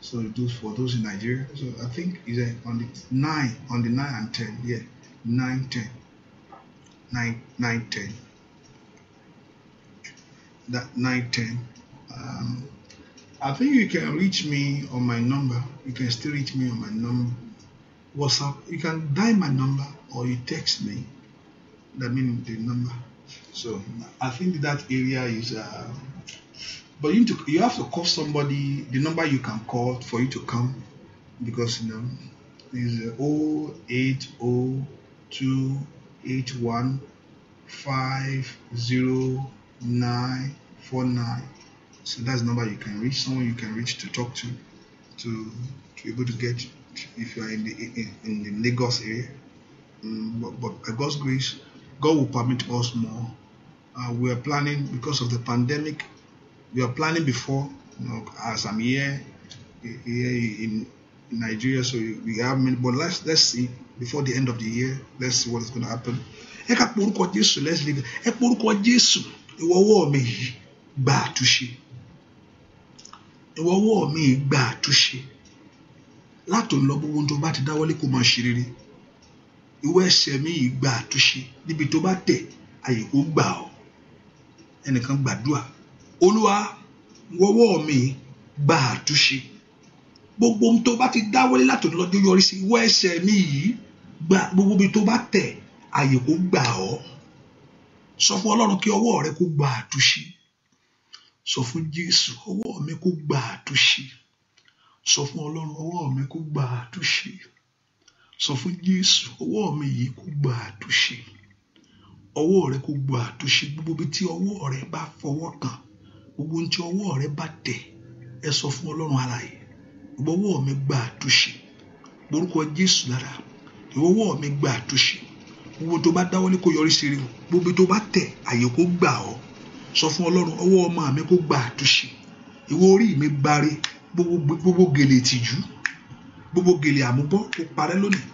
so those for those in Nigeria so I think is on the 9 on the 9 and 10 yeah 9 10 9 9 that nine ten. um, I think you can reach me on my number. You can still reach me on my number. WhatsApp. You can dial my number or you text me. That means the number. So I think that area is. Uh, but you to, you have to call somebody. The number you can call for you to come, because you know is uh, o oh eight o oh two eight one five zero nine four nine. So that's the number you can reach, someone you can reach to talk to, to, to be able to get if you are in the in, in the Lagos area. Mm, but, but by God's grace, God will permit us more. Uh, we are planning because of the pandemic. We are planning before, you know, as I'm here, here in, in Nigeria, so we have many. But let's let's see before the end of the year. Let's see what is going to happen. Jésù let's leave ẹ Jésù ìwọ ọwọ́ mi gbà ìwọ ọwọ́ mi gba àtúnṣe látòun lọ gbogbo ohun tó bá ti dáwọ́lé kó máa ṣe rere ìwọ ẹsẹ̀ mi gba àtúnṣe níbi tó bá tẹ̀ àyè kó gbà ọ́ ẹnìkan gbàdúrà olúwa wọ́wọ́ mi gba àtúnṣe gbogbo ohun tó bá ti dáwọ́lé látòun lọ tó yọrí sí ìwọ ẹsẹ̀ mi yìí gba gbogbo ibi tó bá tẹ̀ àyè kó gbà ọ́ sọ fún ọlọ́run kí ọwọ́ rẹ kó gba àtúnṣe sọ fún Jésù ọwọ́ mi kó gba àtúnṣe sọ fún Ọlọ́run ọwọ́ mi kó gba àtúnṣe sọ fún Jésù ọwọ́ mi yìí kó gba àtúnṣe ọwọ́ rẹ kó gba àtúnṣe gbogbo bí tí ọwọ́ rẹ bá fọwọ́ kàn gbogbo ohun tí ọwọ́ rẹ bá tẹ̀ ẹ sọ fún Ọlọ́run alààyè gbogbo ọwọ́ mi gba àtúnṣe orúkọ Jésù lára ìwọ ọwọ́ mi gba àtúnṣe gbogbo tó bá dáwọ́lé kó yọrí sí rere gbogbo tó bá tẹ̀ àyè kó gbà ọ́ sọ fún ọlọ́run ọwọ́ ọmọ mi kó gba àtúnṣe ìwọ orí mi bare gbogbo gèlè ìtìjú gbogbo gèlè àmúbọ́ kó parẹ́ lónìí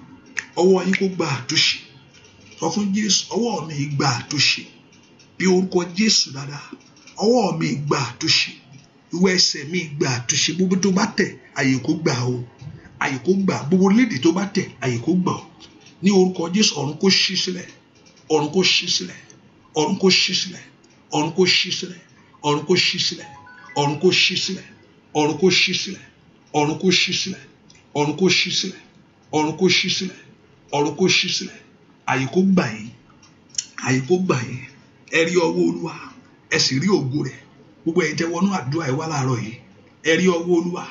ọwọ́ yín kó gba àtúnṣe sọ fún jésù ọwọ́ mi gba àtúnṣe bí orúkọ jésù dáadáa ọwọ́ mi gba àtúnṣe ìwọ ẹsẹ̀ mi gba àtúnṣe gbogbo tó bá tẹ̀ àyè kó gbà o àyè kó gbà gbogbo lédè tó bá tẹ̀ àyè kó gbà o ní orúkọ jésù ọ̀run kó ṣí sílẹ̀ ọ̀run kó ṣí sílẹ̀ ọ̀run kó ṣí sílẹ̀ ọ̀run kò ṣí sílẹ̀ ọ̀run kò ṣí sílẹ̀ ọ̀run kò ṣí sílẹ̀ ọ̀run kò ṣí sílẹ̀ ọ̀run kò ṣí sílẹ̀ ọ̀run kò ṣí sílẹ̀ ọ̀run kò ṣí sílẹ̀ ọ̀run kò ṣí sílẹ̀ àyè kò gbà yín àyè kò gbà yín ẹ rí ọwọ́ olúwa ẹ sì rí ògo rẹ̀ gbogbo ẹ̀yin tẹ́ wọnú àdúrà ẹ wá láàárọ̀ yìí ẹ rí ọwọ́ olúwa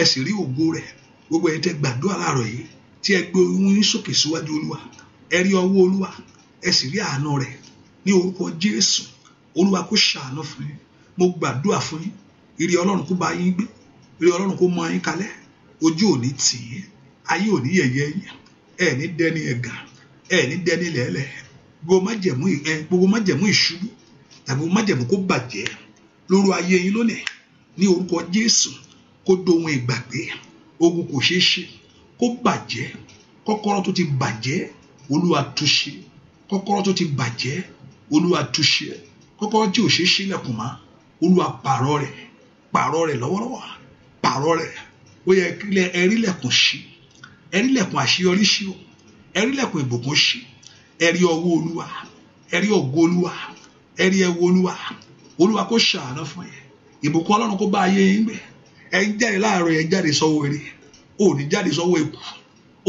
ẹ sì rí ògo rẹ̀ gbogbo ẹ̀yin tẹ́ gbàdúrà láàárọ̀ yìí tí ẹ gbé ohùn yín sókè síwájú olúwa ẹ rí ọwọ́ olúwa ẹ sì rí àánú rẹ̀ ní orúkọ jésù olúwa kó ṣàánú fún yín mo gbàdúrà fún yín ire ọlọ́run kó bá yín gbé ire ọlọ́run kó mọ yín kalẹ̀ ojú ò ní tì í ayé ò ní yẹ̀yẹ́ yín ẹ̀ ní dẹni ẹ̀gà ẹ̀ ní dẹni lẹ́lẹ̀ gbogbo májẹ̀mú ẹ̀ gbogbo májẹ̀mú ìṣubú tàbí gbogbo májẹ̀mú kó bàjẹ́ lóru ayé yín lónìí ní orúkọ jésù kó dohun ìgbàgbé ogun kò ṣeé ṣe kó bàjẹ́ kọ́kọ́rọ́ tó ti bàjẹ́ olúwa túṣe kọ́kọ́rọ́ tó ti bàjẹ́ olúwa túṣe kọ́kọ́rọ́ tí ò ṣe é ṣílẹ̀kùn mọ́ olúwa pààrọ̀ rẹ̀ pààrọ̀ rẹ̀ lọ́wọ́lọ́wọ́ pààrọ̀ rẹ̀ ó yẹ kílẹ̀ ẹrílẹ̀kùn ṣí ẹrílẹ̀kùn àṣeyọrí ṣí o ẹrílẹ̀kùn ìbùkún ṣí ẹrí ọwọ́ olúwa ẹrí ògo olúwa ẹrí ẹwọ olúwa olúwa kó ṣàánú fún yẹn ìbùkún ọlọ́run kó bá ayé yín gbé ẹ ń jáde láàárọ̀ ẹ jáde sọ́wọ́ eré òní jáde sọ́wọ́ eku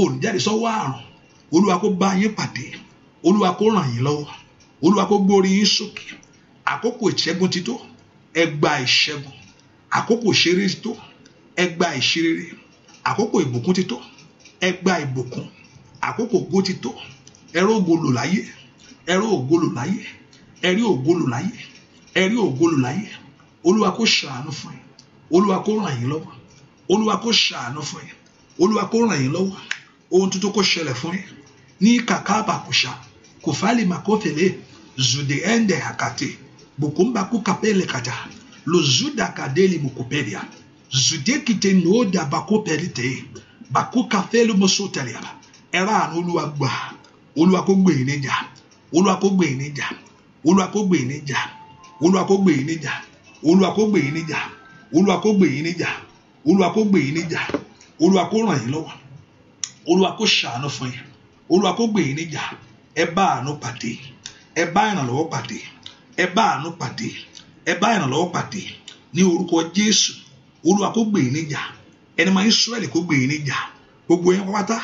òní jáde sọ́wọ́ àrùn olúwa kó bá yín pàdé olúwa kó ràn yín lọ́wọ́ olúwa kó gbórí yín sókè àkókò ìṣẹ́gun ti tó ẹ gba ìṣẹ́gun àkókò ìṣeré ti tó ẹ gba ìṣeré àkókò ìbùkún ti tó ẹ gba ìbùkún àkókò ògo ti tó ẹrú ògo lò láyé ẹrú ògo lò láyé ẹrí ògo lò láyé ẹrí ògo lò láyé olúwa kó ṣàánú fún yín olúwa kó ràn yín lọ́wọ́ olúwa kó ṣàánú fún yín olúwa kó ràn yín lọ́wọ́ ohun tuntun kó ṣẹlẹ̀ fún yín ní kàkà àbàkùṣà kò fálè màkófèlè zùdè ẹ̀ǹdẹ̀ àkàtì bukumba kapele kata lozuda kadeli mukupelia zudekite nooda bakopelite bakukafelu mosotaliaba ẹran olúwa gbà olúwa era gbè níjà olúwa kó gbè níjà olúwa kó gbè níjà olúwa kó gbè níjà olúwa kó gbè níjà olúwa kó gbè níjà olúwa kó gbè níjà olúwa kó ràn yín lọ́wọ́ olúwa kó ṣàánú fún yín olúwa kó gbè níjà ẹ bá àánú pàdé ẹ bá ìrànlọ́wọ́ pàdé ní orúkọ Jésù Olúwa kó gbè yín níjà ẹni máa Ísírẹ́lì kó gbè yín níjà gbogbo yín pátá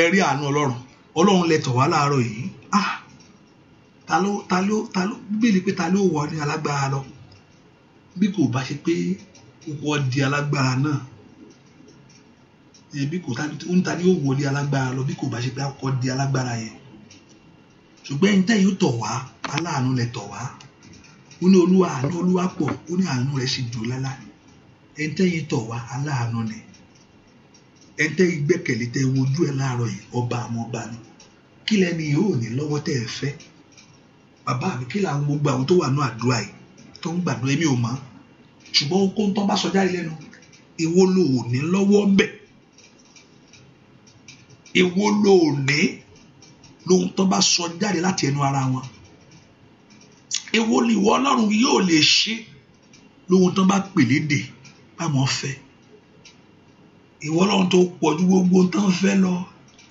ẹ rí àánú Ọlọ́run Ọlọ́run lẹ tọ̀ wá láàárọ̀ yìí ah ta ló ta ló ta ló bíbélì pé ta ló wọ ní alágbára lọ bí kò bá ṣe pé wọ́n di alágbára náà bí kò ta ni ó wọlé alágbára lọ bí kò bá ṣe pé akọ di alágbára yẹn ṣùgbọ́n ẹni tẹ́yìn tọ̀ wá aláàánú lẹ tọ̀ wá ó ní olúwa àánú olúwa pọ̀ ó ní àánú rẹ̀ sì dùn lálá ẹni tẹ́yìn tọ̀ wá aláàánú ni ẹni tẹ́yìn gbẹ́kẹ̀lé tẹ́ wojú ẹ̀ láàárọ̀ yìí ọba àwọn ọba ni kí lẹ́ni yìí ò ní lọ́wọ́ tẹ́ ẹ fẹ́ bàbá mi kí làwọn gbogbo àwọn tó wà ní àdúrà yìí tó ń gbàdúrà èmi ò mọ̀ ṣùgbọ́n ó kó ń tán bá sọ jáde lẹ́nu èwo ló ò ní lọ́wọ́ bẹ̀ èwo ló ò ní lóhun tán bá sọ jáde láti ẹnu ara wọn èwo ni ìwọ ọlọ́run yóò lè ṣe lóhun tán bá pè léde bá mọ̀ fẹ́ ìwọ ọlọ́run tó pọ̀ ju gbogbo tán fẹ́ lọ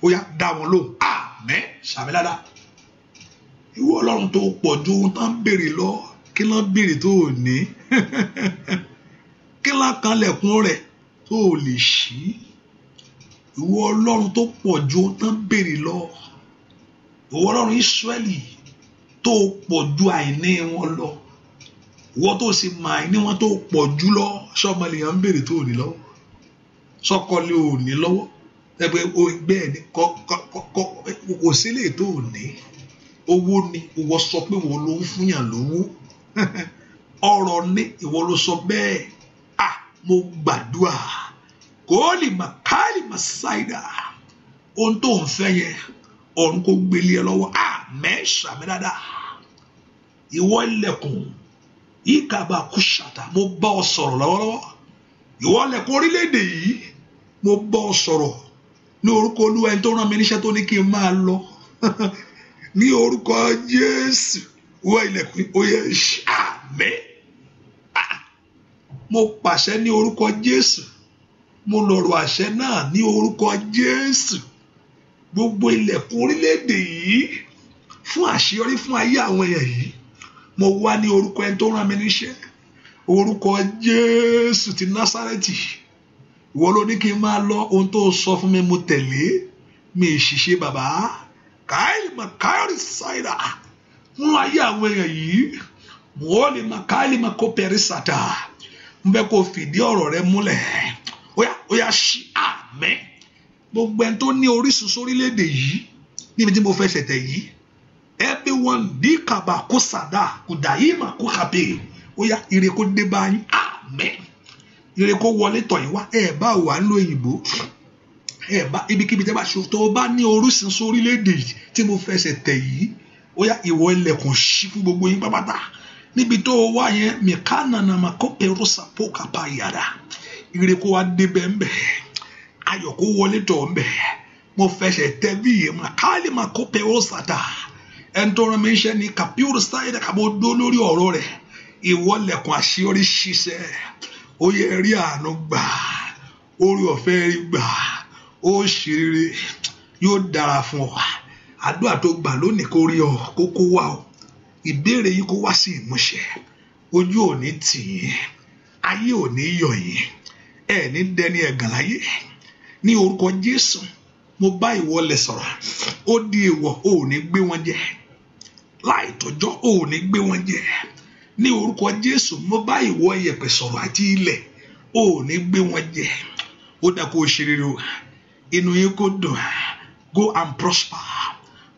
ó yá dá wọn lóhùn àmín sàmì dáadáa ìwọ ọlọ́run tó pọ̀ ju ohun tán béèrè lọ kí ló ń béèrè tó ò ní kí ló ń kanlẹ̀kùn rẹ̀ tó ò lè ṣí ìwọ ọlọ́run tó pọ̀ ju ohun tán béèrè lọ ìwọ ọlọ́run Ísírẹ́lì tó pọ̀ ju àìní wọn lọ wọ́n tó ṣe mọ àìní wọn tó pọ̀ jù lọ sọ́mọlẹ́yìn ń béèrè tó ní lọ́wọ́ sọ́kọ́lé ò ní lọ́wọ́ ẹgbẹ́ ẹgbẹ́ ẹ̀ ní kò sílé tó ní owó ni ìwọ sọ pé ìwọ ló ń fúnyàn lówó ọrọ̀ ni ìwọ ló sọ bẹ́ẹ̀ à mo gbàdúrà kò lè mà ká lè mà ṣáìdà ohun tó ń fẹ́ yẹn ọ̀run kò gbélé ẹ lọ́wọ́ àmẹ́ sàmì dáadáa ìwọ ilẹ̀kùn ìkàbà kú mo bá ọ sọ̀rọ̀ lọ́wọ́lọ́wọ́ ìwọ ilẹ̀kùn orílẹ̀ yìí mo bá ọ sọ̀rọ̀ ní orúkọ olúwa ẹni tó rán mi níṣẹ́ tó ní kí n máa lọ ní orúkọ Jésù ìwọ ilẹ̀kùn oyè àmẹ́ ah, mo pàṣẹ ní orúkọ Jésù mo lọ̀rọ̀ àṣẹ náà ní orúkọ Jésù. gbogbo ilẹ̀kùn orílẹ̀-èdè yìí fún àṣeyọrí fún ayé àwọn èèyàn yìí mo wá ní orúkọ ẹni tó rán mi níṣẹ́ orúkọ Jésù ti Násárẹ́tì ìwọ ló ní kí n máa lọ ohun tó sọ fún mi mo tẹ̀lé mi ìṣiṣẹ́ bàbá káìlì makairi ṣáìdà fún ayé àwọn èèyàn yìí mọ́ọ̀lì makaili makopẹ̀rì sàtà ń bẹ́ kó fìdí ọ̀rọ̀ rẹ múlẹ̀ ó yá ó yá ṣí àmín. gbogbo ẹni tó ní orísun sórílẹ̀-èdè yìí níbi tí mo fẹ́ ṣẹ̀tẹ̀ yìí everyone di kaba kó sàdá kò dàímà kó kàbè ó yá ire kó dé bá yín àmín ire kó wọlé tọ̀ yín wá ẹ bá wà ń lo òyìnbó ẹ bá ibikíbi tẹ́ bá ṣe tó o bá ní orísun sórílẹ̀ yìí tí mo fẹ́ ṣẹ̀tẹ̀ yìí ó yá ìwọ ilẹ̀kùn ṣí fún gbogbo yín pápátá níbi tó o wá yẹn mìkánà nàmà kó pẹ̀rọ kápá yàrá ire kó wá dé bẹ́ẹ̀ bẹ́ẹ̀ ayọ̀ kó wọlé tọ̀ ń bẹ̀ mo fẹsẹ̀ tẹ bí yìí mà káàlì mà kó pé ó sàtà ẹni tó rán mi ń ṣe ni kàpíùrù sáyẹ̀dá kàbó dó lórí ọ̀rọ̀ rẹ̀ ìwọlẹ̀kùn àṣeyọrí ṣiṣẹ́ ó yẹ rí àánú gbà orí ọ̀fẹ́ rí gbà ó ṣeré yóò dára fún ọ àdúrà tó gbà lónìí kó rí ọ kó kó wá ọ ìbéèrè yìí kó wá sí ìmúṣẹ ojú ò tì yín ayé ò ní yín ẹ ní dẹni ẹ̀gàn láyé ní orúkọ Jésù mo bá ìwọlẹ̀ sọ̀rọ̀ ó di èèwọ̀ o ò ní gbé wọn jẹ láì tọ́jọ́ o ò ní gbé wọn jẹ ní orúkọ Jésù mo bá ìwọ ìyẹ̀pẹ̀ sọ̀rọ̀ àti ilẹ̀ o ní gbé wọn jẹ ó dà kó o ṣe rere o inú yín kò dùn go and prosper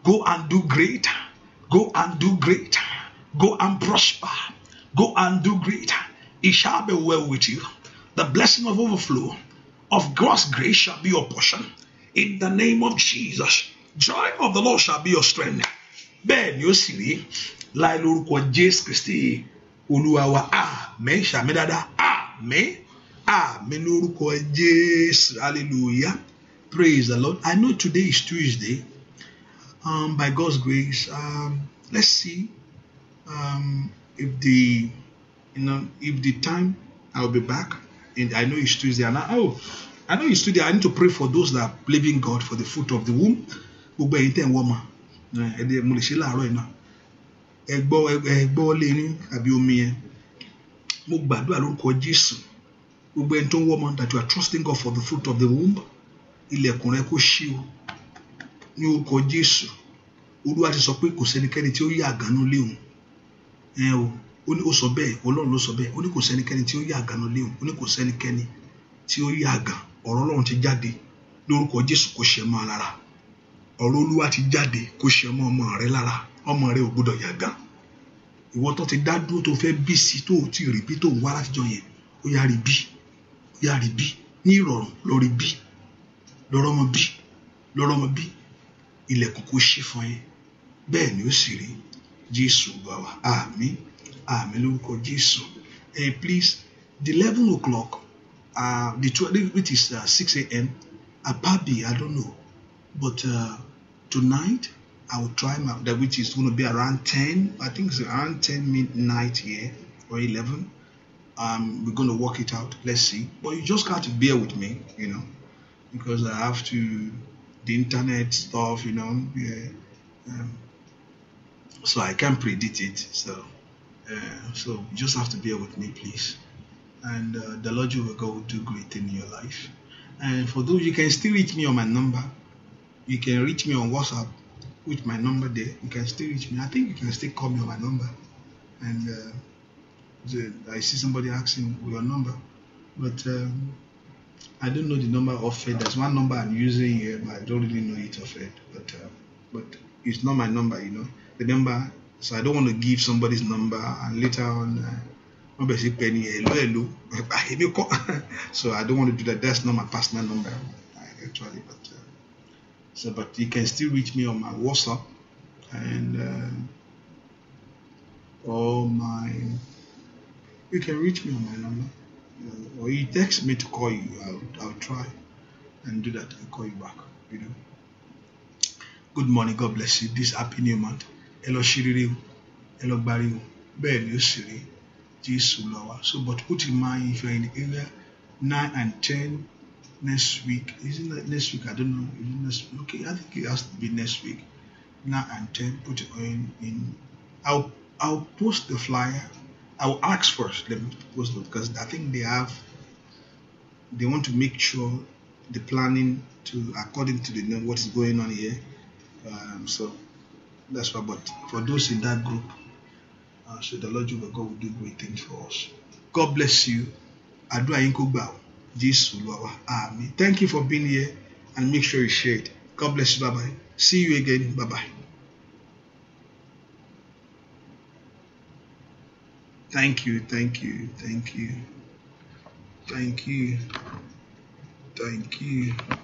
go and do great go and do great go and prosper go and do great it shall be well with you the blessing of overflow. of God's grace shall be your portion. In the name of Jesus, joy of the Lord shall be your strength. Bẹ́ẹ̀ ni ó sì rí láì lórúkọ Jésù Kristi Olúwa wa àmín ṣàmì dáadáa àmín àmín hallelujah praise the Lord. I know today is Tuesday um, by God's grace um, let's see um, if the you know if the time I'll be back. in, I know it's Tuesday, and I, oh, I know it's Tuesday. I need to pray for those that are believing God for the fruit of the womb. Gbogbo ẹ̀yin tẹ̀ ń wọ́n ma eh, ẹ̀dẹ̀ mo lè ṣe láàárọ̀ ẹ̀ náà ẹ̀gbọ́ ẹ̀gbọ́ lé ní àbí omi yẹn. Mo gbàdúrà lórúkọ Jésù. Gbogbo ẹni tó ń wọ́n ma that you are trusting God for the fruit of the womb. Ilẹ̀kùn rẹ kó ṣí o ní orúkọ Jésù. Olúwa ti sọ pé kò sẹ́nikẹ́ni tí ó yà àgánú léwu. Ẹ o ó ní ó sọ bẹ́ẹ̀ ọlọ́run ló sọ bẹ́ẹ̀ ó ní kò sẹ́nikẹ́ni tí ó yà àgànà léwu ó ní kò sẹ́nikẹ́ni tí ó yà àgàn ọ̀rọ̀ ọlọ́run ti jáde lórúkọ jésù kò ṣe mọ́ ọ lára ọ̀rọ̀ olúwa ti jáde kò ṣe mọ́ ọmọ rẹ lára ọmọ rẹ ò gbọdọ̀ yà àgàn ìwọ tó ti dá dúró tó fẹ́ bí sí tó ti rí bí tó ń wá látijọ́ yẹn ó yà rí bí yà rí bí ní ìrọ̀rùn lọ rí bí lọ́rọ́ mọ bí lọ́rọ́ mọ bí ilẹ̀kùn kò Àmín lórúkọ Jésù. Eh, please, the eleven o'clock, uh, the twelve which is uh, six a.m. Apabi, I don't know, but uh, tonight I will try my that which is going to be around ten. I think it's around ten midnight here or eleven. Um, we're going to work it out. Let's see. But you just got to bear with me, you know, because I have to the internet stuff, you know. Yeah, um, so I can't predict it. So so you just have to bear with me, please. And uh, the Lord will go do great in your life. And for those, you can still reach me on my number. You can reach me on WhatsApp with my number there. You can still reach me. I think you can still call me on my number. And uh, the, I see somebody asking your number, but um, I don't know the number of Fed. There's one number I'm using here, but I don't really know it of it. But uh, but it's not my number, you know. The number so I don't want to give somebody's number and later on uh, basically penny hello hello. so I don't want to do that. That's not my personal number actually, but uh, so but you can still reach me on my WhatsApp and uh, or my you can reach me on my number uh, or you text me to call you. I'll I'll try and do that I'll call you back. You know. Good morning. God bless you. This happy new month. ẹ lọ ṣe rere o ẹ lọ gbari o bẹ́ẹ̀ ni ó sì rí Jésù lọ wá so but put in mind if you in the area nine and ten next week is it next week I don't know is it next week okay I think it has to be next week nine and ten put it in in I'll I'll post the flyer I'll ask first let me post it because I think they have they want to make sure the planning to according to the what is going on here um, so That's why, but for those in that group, uh, so the Lord Jehovah God will do great things for us. God bless you. Àdúrà yín kó gbà ó. Thank you for being here and make sure you share it. God bless you. Bye bye. See you again. Bye bye. Thank you, thank you, thank you, thank you, thank you.